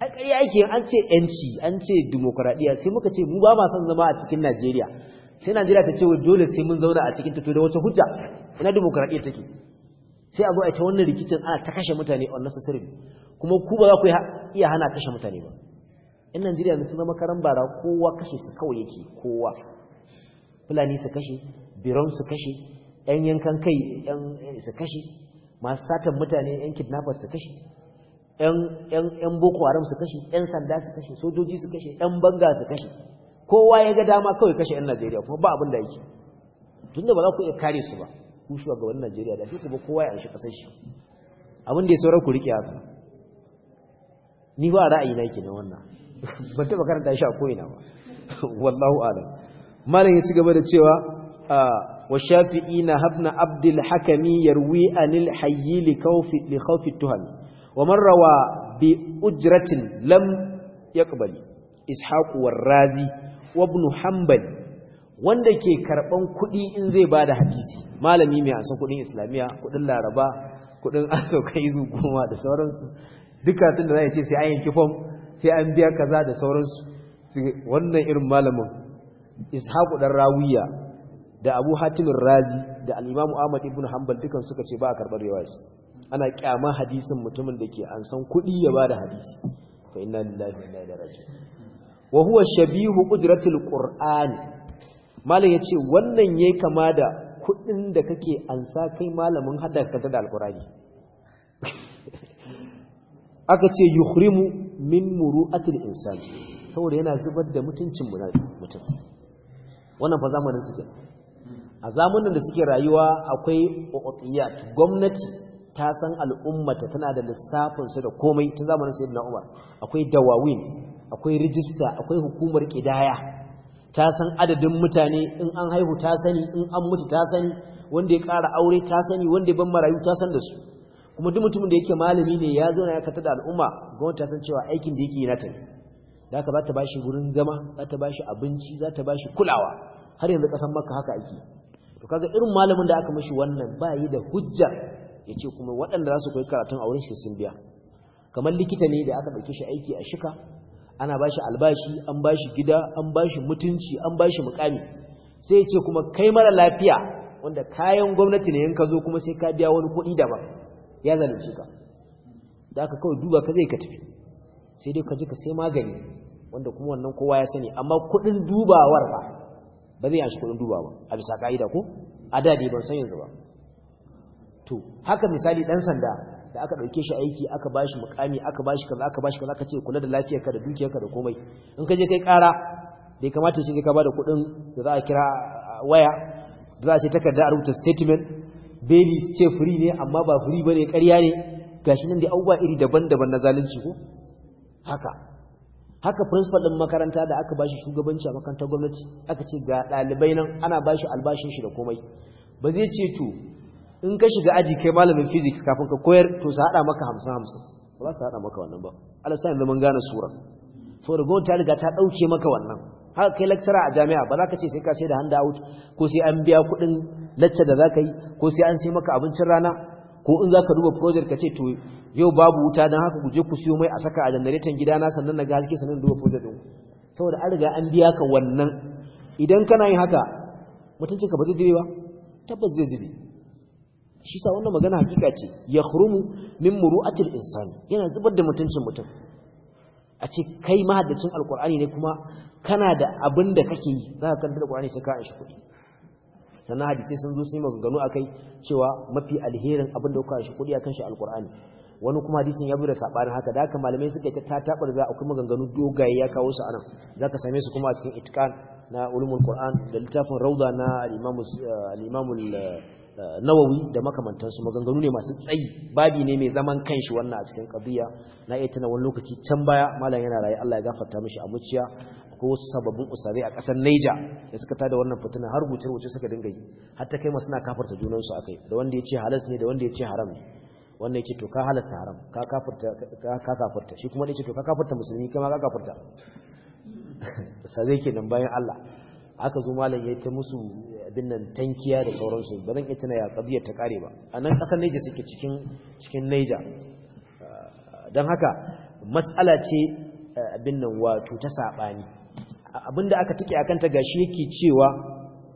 Speaker 1: a ƙarya yake an ce yanci an ce demokradiya sai muka ce mu ba ma son zama a cikin Najeriya sai Najeriya ta ce dole sai mun zauna a cikin ta da wata hujja ina demokradiya take sai a zo a ta wannan rikicin ana ta kashe mutane unnecessarily kuma ku ba za ku iya hana kashe mutane ba in najeriya sun zama karan bara kowa kashe su kawai yake kowa fulani su kashe biron su kashe yan yankan kai su kashe masu satan mutane yan kidnappers su kashe yan boko haram su kashe yan sanda su kashe sojoji su kashe yan banga su kashe kowa ya ga dama kawai kashe yan najeriya kuma ba abin da yake da ba za ku iya kare su ba ku shugaban najeriya da sai ku ba kowa ya shi kasar shi abin da ya saurar ku rike haka ni ba ra'ayi na kenan wannan ban taba karanta shi a ko'ina ba wallahu alam malam ya ci gaba da cewa wa shafi'ina habna abdul hakami yarwi anil hayyi li khawfi li khawfi wa man rawa bi ujratin lam yaqbal ishaq warrazi wa ibn hanbal wanda ke karban kuɗi in zai ba da hadisi malami mai asan kuɗin islamiya kuɗin laraba kudin asaukai zu goma da sauransu duka da za a ce sai an yanki fom sai an biya kaza da sauransu wannan irin malamin ishaqu dan rawiya da abu hatimin razi da al'imamu ahmad ibn hanbal dukan suka ce ba a karɓar riwayarsa ana kyama hadisin mutumin da ke an san kuɗi ya ba da hadisi fa inna lillahi wa inna ilaihi raji'un wa huwa shabihu ujratil qur'an malam yace wannan yayi kama da kuɗin da kake ansa kai malamin hada ka da alqur'ani aka ce yukhrimu min muru'atil insani saboda yana zubar da mutuncin mutum wannan fa zamanin suke a zamanin da suke rayuwa akwai uqtiyat gwamnati ta san al'ummata tana da lissafin su da komai tun zamanin sayyidina Umar akwai dawawin akwai rijista akwai hukumar kidaya ta san adadin mutane in an haihu ta sani in an mutu ta sani wanda ya ƙara aure ta sani wanda ya ban marayu ta san da su kuma duk mutumin da yake malami ne ya zauna ya katar da al'umma gwamnati ta san cewa aikin da yake yi nata ne da aka ba ta bashi wurin zama za ta bashi abinci za ta bashi kulawa har yanzu kasan maka haka ake to kaga irin malamin da aka mashi wannan ba yi da hujja ya ce kuma waɗanda za su koyi karatun a wurin shi sun biya kamar likita ne da aka ɗauke shi aiki a shika ana bashi albashi an bashi gida an bashi mutunci an bashi mukami sai ya ce kuma kai mara lafiya wanda kayan gwamnati ne in ka zo kuma sai ka biya wani kuɗi daban ya zalunce ka da aka kawai duba ka zai ka tafi sai dai ka ji ka sai magani wanda kuma wannan kowa ya sani amma kuɗin dubawar ba ba zai yanshi kuɗin dubawa a bisa ka'ida ko a da dai ban san yanzu ba to haka misali ɗan sanda da aka ɗauke shi aiki aka bashi mukami aka bashi kaza aka shi kaza aka ce kula da lafiyarka da dukiyarka da komai in ka je kai ƙara ya kamata shi ka da kuɗin da za a kira waya da za a ce takarda a rubuta statement baby ce firi ne amma ba firi bane ƙarya ne gashi nan dai abubuwa iri daban-daban na zalunci ko haka haka principal din makaranta da aka bashi shugabanci a makarantar gwamnati aka ce ga ɗalibai nan ana bashi albashin shi da komai ba zai ce to in ka shiga aji kai malamin physics kafin ka koyar to su haɗa maka hamsin hamsin ba za su haɗa maka wannan ba alasa yanzu mun gane sura da gwamnati ta riga ta ɗauke maka wannan haka kai lecturer a jami'a ba za ka ce sai ka sai da hand out ko sai an biya kuɗin lacce da zaka yi ko sai an sai maka abincin rana ko in zaka duba project ka ce to yau babu wuta dan haka ku je ku siyo mai a saka a generator gidana sannan na ga haske sannan duba project din saboda an riga an biya ka wannan idan kana yin haka ka ba zai zube ba tabbas zai zube shi sa wannan magana hakika ce ya hurumu min muru'atil insani yana zubar da mutuncin mutum a ce kai mahaddacin alkur'ani ne kuma kana da abin da kake yi za ka kanta da alkur'ani sai ka shi kuɗi sannan hadisai sun zo su yi maganganu akai cewa mafi alherin abin da kuka shi kudi akan shi alqur'ani wani kuma hadisin ya bude sabarin haka da haka malamai suka ta tabar za a akwai maganganu dogaye ya kawo su anan zaka same su kuma a cikin itqan na ulumul qur'an da littafin rauda na al eh, al-imamu eh, nawawi da makamantansu maganganu ne masu tsayi babi ne mai zaman kanshi wannan a cikin qadiya na ita na wani lokaci can baya malam yana raye Allah ya gafarta mishi muciya. ko wasu sababbin usare a ƙasar Niger da suka tada wannan fitina har wuce-wuce suka dinga yi hatta kai masu na kafarta junan su akai da wanda ya ce halas ne da wanda ya ce haram ne ya ce to ka halasta haram ka kafarta ka kafarta shi kuma ce to ka kafarta musulmi kai ma ka kafarta sai kenan bayan Allah aka zo malam yayi ta musu abin nan tankiya da sauransu ba zan iya tana ya qadiyar ta kare ba a nan ƙasar Niger suke cikin cikin Niger don haka matsala ce eh, abin nan wato ta saɓani abinda aka tike akan ta gashi yake cewa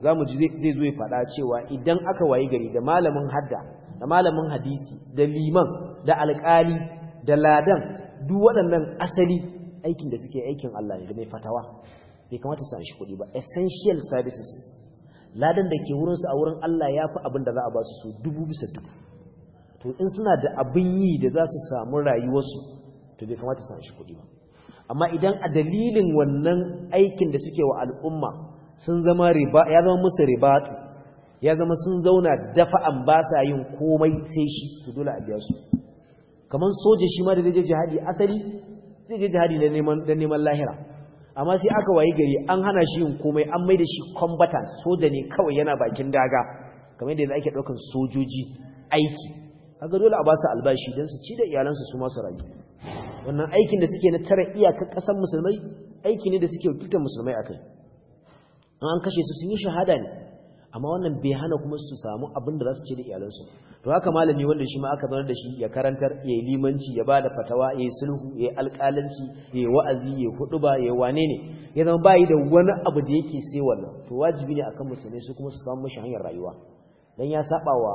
Speaker 1: zamu ji zai zo ya fada cewa idan aka wayi gari da malamin hadda da malamin hadisi da liman da alƙali da ladan duk waɗannan asali aikin da suke aikin Allah ne da mai fatawa bai kamata su shi kuɗi ba essential services ladan da ke wurinsu a wurin Allah ya fi abin da za a ba su su dubu bisa dubu to in suna da abin yi da za su samu rayuwarsu to bai kamata su shi kuɗi ba amma idan a dalilin wannan aikin da suke wa al'umma sun zama riba ya zama musu ribatu ya zama sun zauna dafa ba sa yin komai sai shi su dole a biya su kamar soja shi ma da zai je jihadi asali zai je jihadi da neman lahira amma sai aka waye gari an hana shi yin komai an mai da shi combatant soja ne kawai yana bakin daga kamar yadda ake ɗaukan sojoji aiki kaga dole a ba su albashi don su ci da iyalansu su masu rayu wannan aikin da suke na tara iyakar ƙasar musulmai aiki ne da suke wakiltar musulmai a akai an kashe su sun yi shahada ne amma wannan bai hana kuma su samu abin da za su ce da iyalansu to haka malami wanda shi ma aka bar da shi ya karantar ya yi limanci ya bada fatawa ya yi sulhu ya yi alƙalanci ya yi wa'azi ya yi huduba ya wane ne ya zama bayi da wani abu da yake sai wannan to wajibi ne akan musulmai su kuma su samu mashi hanyar rayuwa dan ya saba wa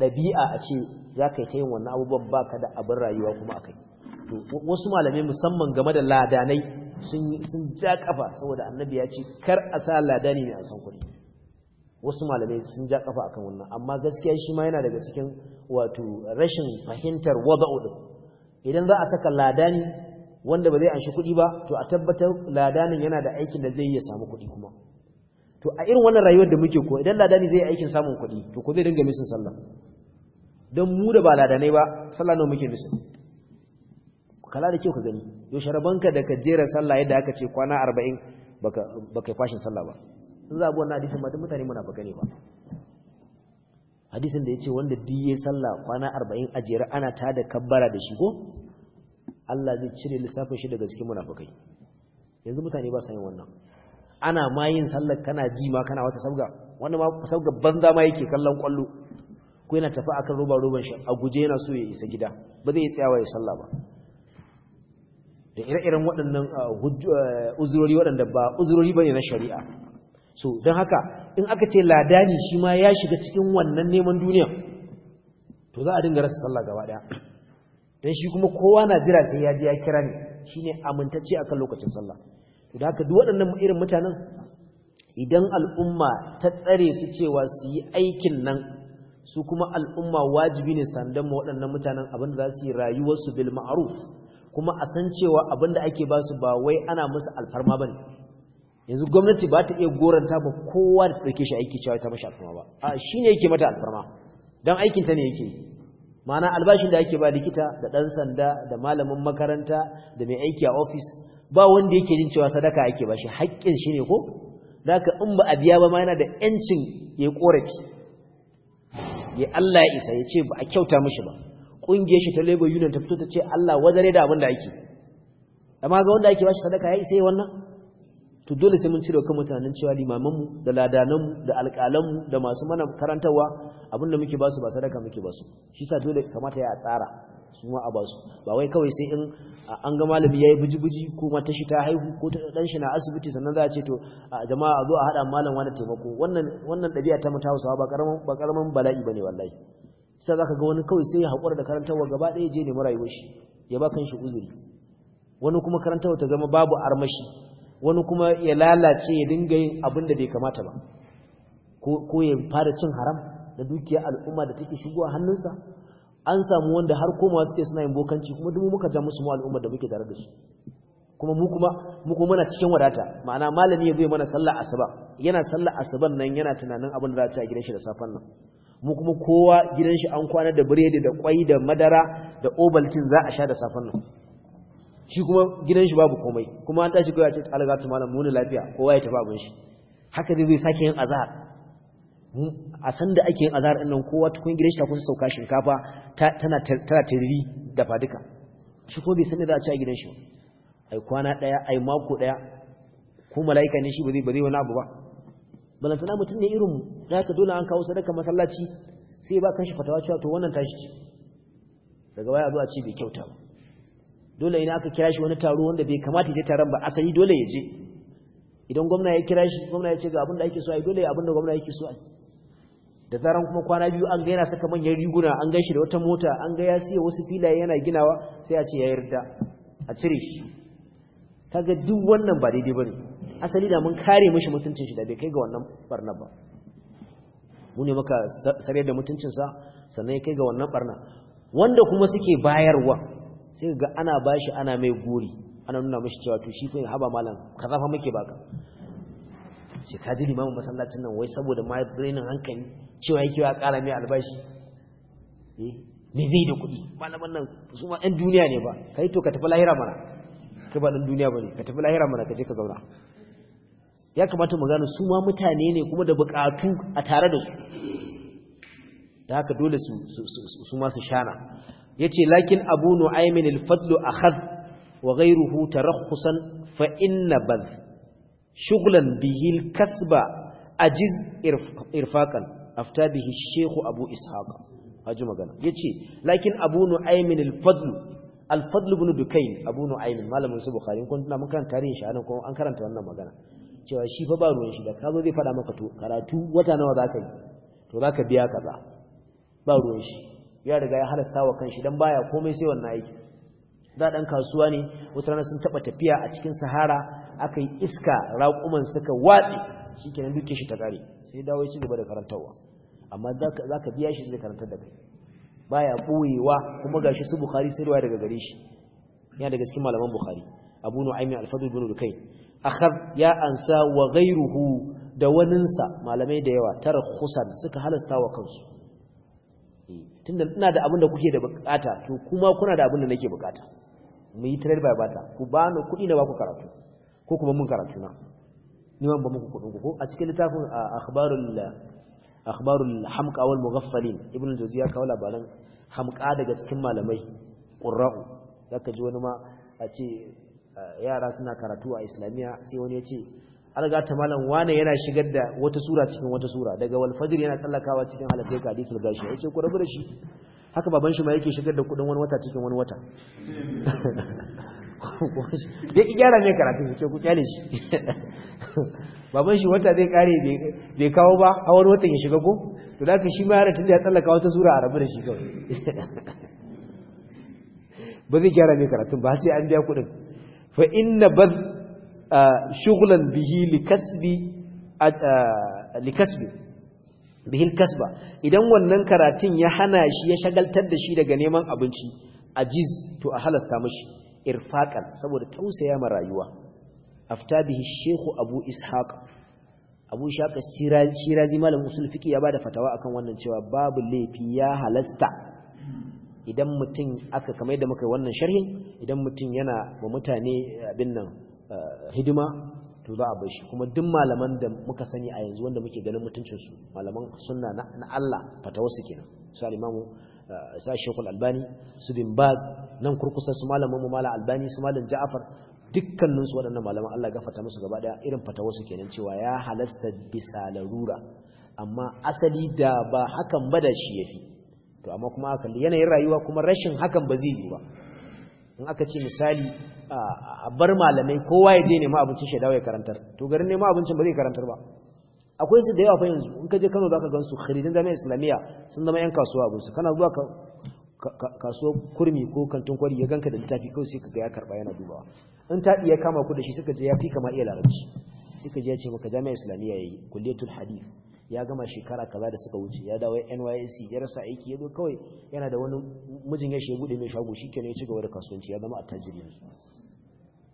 Speaker 1: ɗabi'a a ce za ka yi ta yin wannan abubuwan baka da abin rayuwa kuma akai to wasu malamai musamman game da ladanai sun ja kafa saboda annabi ya ce kar a sa ladani ne a san kuɗi wasu malamai sun ja kafa akan wannan amma gaskiya shi ma yana daga cikin wato rashin fahimtar wada'u din idan za a saka ladani wanda ba zai anshi kuɗi ba to a tabbatar ladanin yana da aikin da zai iya samu kuɗi kuma to a irin wannan rayuwar da muke ko idan ladani zai aikin samun kuɗi to ko zai dinga misin sallah don mu da ba ladanai ba sallah nawa muke misin kala da kyau ka gani yau sharabanka da ka jera sallah yadda aka ce kwana arba'in ba kai fashin sallah ba in za a buwan hadisin ba duk mutane muna ba ne ba hadisin da ya ce wanda duk sallah kwana arba'in a jere ana ta da kabbara da shi ko Allah zai cire lissafin shi daga cikin munafukai yanzu mutane ba sa yin wannan ana ma yin sallar kana ji ma kana wata sabga wanda ma sabga banza ma yake kallon kwallo ko yana tafi akan roba roban shi a guje yana so ya isa gida ba zai tsaya wa ya sallah ba da ire-iren waɗannan uh, uh, uzurori waɗanda ba uzurori ba ne na shari'a so don haka in aka ce ladani shi ma ya shiga cikin wannan neman duniya to za a dinga rasa sallah gaba ɗaya don shi kuma kowa na jira sai ya je ya kira ne shi ne amintacce a kan lokacin sallah to da haka duk waɗannan irin mutanen idan al'umma ta tsare su cewa su yi aikin nan su kuma al'umma wajibi ne sandan waɗannan mutanen abin da za su yi rayuwarsu bil ma'aruf kuma a san cewa abin da ake ba su ba wai ana musu alfarma ba ne yanzu gwamnati ba ta iya goranta ba kowa da ta ɗauke shi aiki cewa ta mashi alfarma ba a shi ne yake mata alfarma don aikinta ne yake yi ma'ana albashin da ake ba likita da ɗan sanda da malamin makaranta da mai aiki a ofis ba wanda yake jin cewa sadaka ake ba shi haƙƙin shi ne ko da haka in ba a biya ba ma yana da ƴancin ya yi ƙorafi ya Allah ya isa ya ce ba a kyauta mishi ba kungiyar shi ta labor union ta fito ta ce Allah wadare da abin da ake amma ga wanda ake bashi sadaka ya isa yi wannan to dole sai mun cire kan mutanen cewa limamanmu da ladananmu da alƙalanmu da masu mana karantarwa abin da muke basu ba sadaka muke basu shi sa dole kamata ya tsara su ma a basu ba wai kawai sai in an ga malami yi buji-buji ko mata shi ta haihu ko ta dan shi na asibiti sannan za a ce to a jama'a a zo a hada malam wani taimako wannan ɗabi'a dabi'a ta mutawa sawa ba karaman bala'i ba ne wallahi sai zaka ga wani kawai sai ya hakura da karantawa gaba ɗaya je ne rayuwar shi ya ba kanshi uzuri wani kuma karantawa ta zama babu armashi wani kuma ya lalace ya dinga yin abin da bai kamata ba ko ya fara cin haram da dukiyar al'umma da take shigowa hannunsa an samu wanda har komawa suke suna yin bokanci kuma duk muka ja musu mu al'ummar da muke tare da su kuma mu kuma mu kuma muna cikin wadata ma'ana malami ya zo mana sallar asuba yana sallar asuban nan yana tunanin abin da za a ci a gidan shi da safen nan mu kuma kowa gidan shi an kwana da biredi da kwai da madara da obaltin za a sha da safen nan shi kuma gidan shi babu komai kuma an tashi kawai a ce algatu malam muni lafiya kowa ya tafi abin shi haka dai zai sake yin azhar a san da ake yin azhar din nan kowa tukun gidan shi ta kusa sauka shinkafa tana tana tiriri da faduka shi ko bai sani da a ci a gidan shi ai kwana daya ai mako daya ko mala'ika ne shi ba zai ba zai wani abu ba balantana mutum ne irin na haka dole an kawo sadaka masallaci sai ba kashi fatawa cewa to wannan tashi ce daga baya zuwa ce bai kyauta ba dole idan aka kira shi wani taro wanda bai kamata ya taron ba asali dole ya je idan gwamna ya kira shi gwamna ya ce ga abin da ake so ai dole abin da gwamna yake so ai da zaran kuma kwana biyu an ga yana saka manyan riguna an gan shi da wata mota an ga ya siya wasu filaye yana ginawa sai a ce ya yarda a cire shi kaga duk wannan ba daidai bane asali da mun kare mishi mutuncin shi da bai kai ga wannan barna ba mu ne muka sare da mutuncinsa sannan ya kai ga wannan barna wanda kuma suke bayarwa sai ga ana bashi ana mai gori ana nuna mishi cewa to shi fa haba malam ka zafa muke baka shi ka ji limamin masallacin nan wai saboda ma brainin hankali cewa yake ya ƙara mai albashi eh me zai da kuɗi malaman nan su ma ɗan duniya ne ba kai to ka tafi lahira mana kai ba ɗan duniya bane ka tafi lahira mana ka je ka zauna ya kamata mu gane su ma mutane ne kuma da bukatu a tare da su da haka dole su ma su shana Ya ce, lakin abu Nu'aimin al-fadl akhadh wa ghayruhu tarakhusan fa inna shugulan shughlan kasba a jiz ajiz irfaqan afta bihi ash abu ishaq haji magana Ya ce, lakin abu Nu'aimin al-fadl al-fadl ibn dukayn abu Nu'aimin, malamin su bukhari kun tuna mun kan tarihin shi anan kuma an karanta wannan magana cewa shi fa ba ruwan shi da ka zo zai faɗa maka to karatu wata nawa za ka yi to za ka biya kaza ba ruwan shi ya riga ya halasta wa kanshi dan baya komai sai wannan aiki da dan kasuwa ne wata rana sun taba tafiya a cikin sahara aka yi iska raƙuman suka watsi shikenan duke shi ta kare sai dawo ya ci gaba da karantarwa amma za ka biya shi zai karantar da kai baya ɓoyewa kuma gashi su bukhari sai daga gare shi yana daga cikin malaman bukhari abu nu'aimi al-fadl ibn rukai akhad ya ansa wa ghayruhu da waninsa malamai da yawa tar khusan suka halasta wa kansu eh, tunda ina da abin da kuke da bukata to kuma kuna da abin da nake bukata mu yi trade by barter ku ba ni kuɗi na baku karatu ko kuma mun karatu na ni ban ba muku kudin ku ko a cikin littafin akhbarul akhbarul hamqa wal mughaffalin ibnu ya kawo labaran hamqa daga cikin malamai qurra'u zaka ji wani ma a ce Eh, yara suna karatu a islamiyya sai wani ya ce alga ta malam wane yana shigar da wata sura cikin wata sura daga walfajir yana tsallakawa cikin halafai ka hadisul gashi ce ku rabu da shi haka baban shi ma yake shigar da kudin wani wata cikin wani wata ya ki gyara ne karatu ce ku kyale shi baban shi wata zai kare bai kawo ba a wani watan ya shiga ko to da shi ma yaran ya tsallaka wata sura a rabu da shi kawai ba zai gyara ne karatun ba sai an biya kudin fa inna bar shughlan bihi likasbi kasba idan wannan karatun ya hana shi ya shagaltar da shi daga neman abinci a jiz to a halasta mashi irfaqan saboda tausaya ma rayuwa afta bihi shehu abu ishaq abu shaka shirazi malam usul fiqi ya bada fatawa akan wannan cewa babu laifi ya halasta idan mutum aka kamar yadda muka wannan sharhin idan mutum yana wa mutane eh, abin nan eh, hidima to za a bar shi kuma duk malaman da muka sani a yanzu wanda muke ganin mutuncinsu, malaman sunna na Allah fatawarsu kenan su al-imamu eh, sa Sheikhul Albani su bin Baz nan kurkusa su malaman mu malam Albani su malam Ja'far dukkanin su waɗannan malaman Allah gafarta musu gaba daya irin fatawarsu kenan cewa ya halasta bisa larura amma asali da ba hakan ba da shi ya fi. to amma kuma aka yanayin rayuwa kuma rashin hakan ba zai yi ba in aka ce misali a bar malamai kowa ya je nema abincin shaidawa ya karantar to garin nema abincin ba zai karantar ba akwai su da yawa fa yanzu in ka je Kano zaka gansu kharijan jami'a islamiyya sun zama yan kasuwa a gusu kana zuwa kasuwar kurmi ko kantin kwari ya ganka da littafi kawai sai kaga ya karba yana dubawa in taɗi ya kama ku da shi suka je ya fi kama iya larabci sai je ya ce maka jami'a islamiyya yayi kulliyatul hadith ya gama shekara kaza da suka wuce ya dawo NYSC ya rasa aiki ya zo kawai yana da wani mijin ya shegu da mai shago shikenan ya ci gaba da kasuwanci ya zama attajiri ne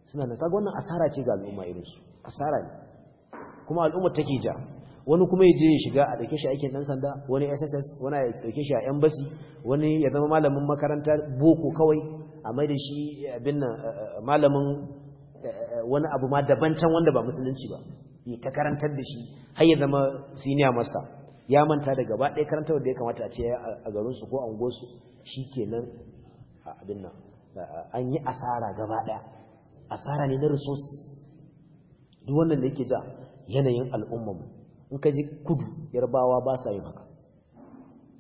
Speaker 1: suna nan kaga wannan asara ce ga al'umma irin su asara ne kuma al'umma take ja wani kuma ya je ya shiga a dauke shi aikin dan sanda wani SSS wani ya dauke shi a embassy wani ya zama malamin makaranta boko kawai a mai da shi abin nan eh, eh, malamin eh, wani abu ma daban can wanda ba musulunci ba ya ta karantar da shi har ya zama siniya masa ya manta da gaba ɗaya karantar da ya kamata a ce a garinsu ko a nan a abin nan an yi asara gaba ɗaya asara ne na resource duk wannan da yake ja yanayin al'ummar mu in ka ji kudu yarbawa ba sa yin haka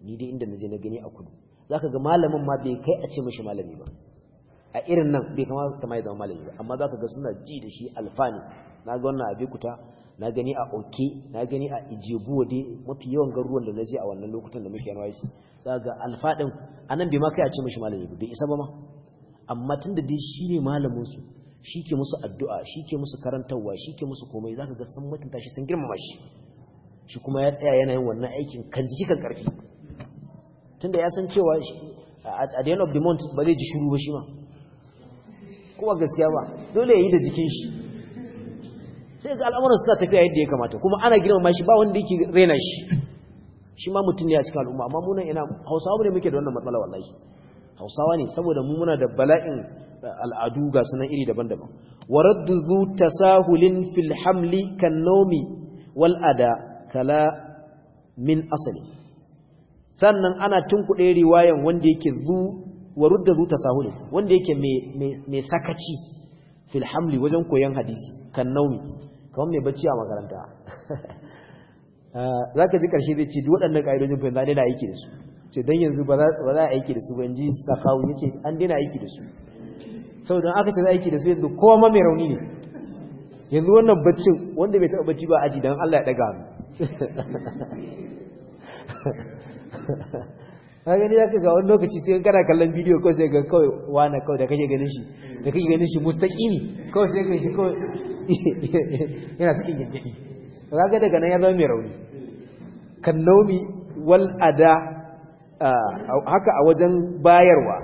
Speaker 1: ni dai inda na je na gani a kudu Za ka ga malamin ma bai kai a ce mashi malami ba a irin nan bai kamata ta mai zama malami ba amma za ka ga suna ji da shi alfani na ga wannan a kuta na gani a oke na gani a ijebu dai mafi yawan garuruwan da na je a wannan lokutan da muke NYC za ga alfaɗin a nan bai ma kai a ce mashi malami bai isa ba ma amma tun da dai shi ne shi ke musu addu'a shi ke musu karantarwa shi ke musu komai za ka ga sun mutunta shi sun girmama shi shi kuma ya tsaya yana yin wannan aikin kan jiki kan ƙarfi tunda ya san cewa a the of the month ba zai ji shuru ba shi ma kuma gaskiya ba dole ya yi da jikin shi sai ga al'amuran suna tafiya yadda ya kamata kuma ana girmama shi ba wanda yake rena shi shi ma mutum ne a cikin al'umma amma munan ina hausawa ne muke da wannan matsala wallahi hausawa ne saboda mu muna da bala'in eh, al'adu ga sunan iri daban-daban waraddu zu tasahulin fil hamli kan nomi wal kala min asali sannan ana tunkuɗe riwayan wanda yake zu warudda zu tasahulin wanda yake mai sakaci filhamli hamli wajen koyon hadisi kan nomi kamar mai bacci a makaranta eh, za ka ji ƙarshe zai ce duk waɗannan ƙa'idojin fahimta ne daina aiki da su ce don yanzu ba za a aiki da su ba ji sakawu ya ce an daina aiki da su sau aka ce za aiki da su yanzu kowa ma mai rauni ne yanzu wannan baccin wanda bai taɓa bacci ba aji don allah ya ɗaga hannu ka gani zaka ga wani lokaci sai kana kallon bidiyo ko sai ga kawai wani kawai da kake ganin shi da kake ganin shi mustaqimi kawai sai ga shi kawai yana sakin gangadi kaga daga nan ya zama mai rauni kan naumi wal ada haka a wajen bayarwa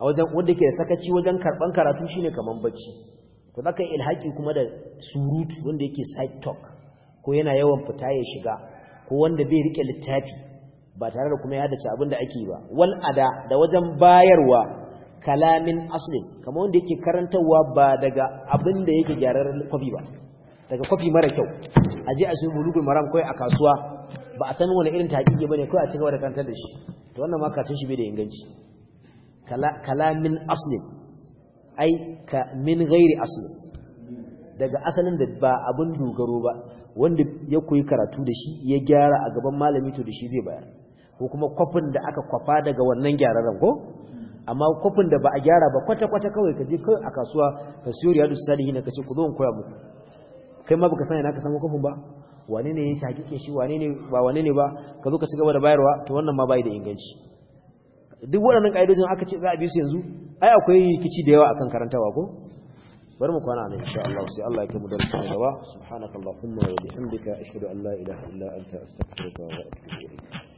Speaker 1: a wajen wanda ke sakaci wajen karban karatu shine kaman bacci to zaka ilhaki kuma da surutu wanda yake side talk ko yana yawan fita ya shiga ko wanda bai rike littafi ba tare da kuma ya dace abin da ake ba wal ada da wajen bayarwa kalamin aslin kamar wanda yake karantarwa ba daga abin da yake gyarar kwafi ba daga kwafi mara kyau a je a shi bulugul maram kai a kasuwa ba a san wani irin ba bane kai a ci gaba da karantar da shi to wannan ma kacin shi bai da inganci kalamin aslin ai ka min ghairi aslin daga asalin da ba abin dogaro ba wanda ya koyi karatu da shi ya gyara a gaban malami to da shi zai bayar ko kuma kwafin da aka kwafa daga wannan gyararren ko amma kwafin da ba a gyara ba kwata-kwata kawai ka je kai a kasuwa ka siyo riyadu salihin ka ce ku zo in koya muku kai ma baka san ina ka samu kwafin ba wane ne ya hakike shi wane ne ba wane ne ba ka zo ka ci gaba da bayarwa to wannan ma bai da inganci duk waɗannan ƙa'idojin aka ce za a bi su yanzu ai akwai rikici da yawa akan karantawa ko bari mu kwana nan insha Allah sai Allah ya kai mu darasi na gaba subhanakallahumma wa bihamdika ashhadu an la ilaha illa anta astaghfiruka wa atubu ilayk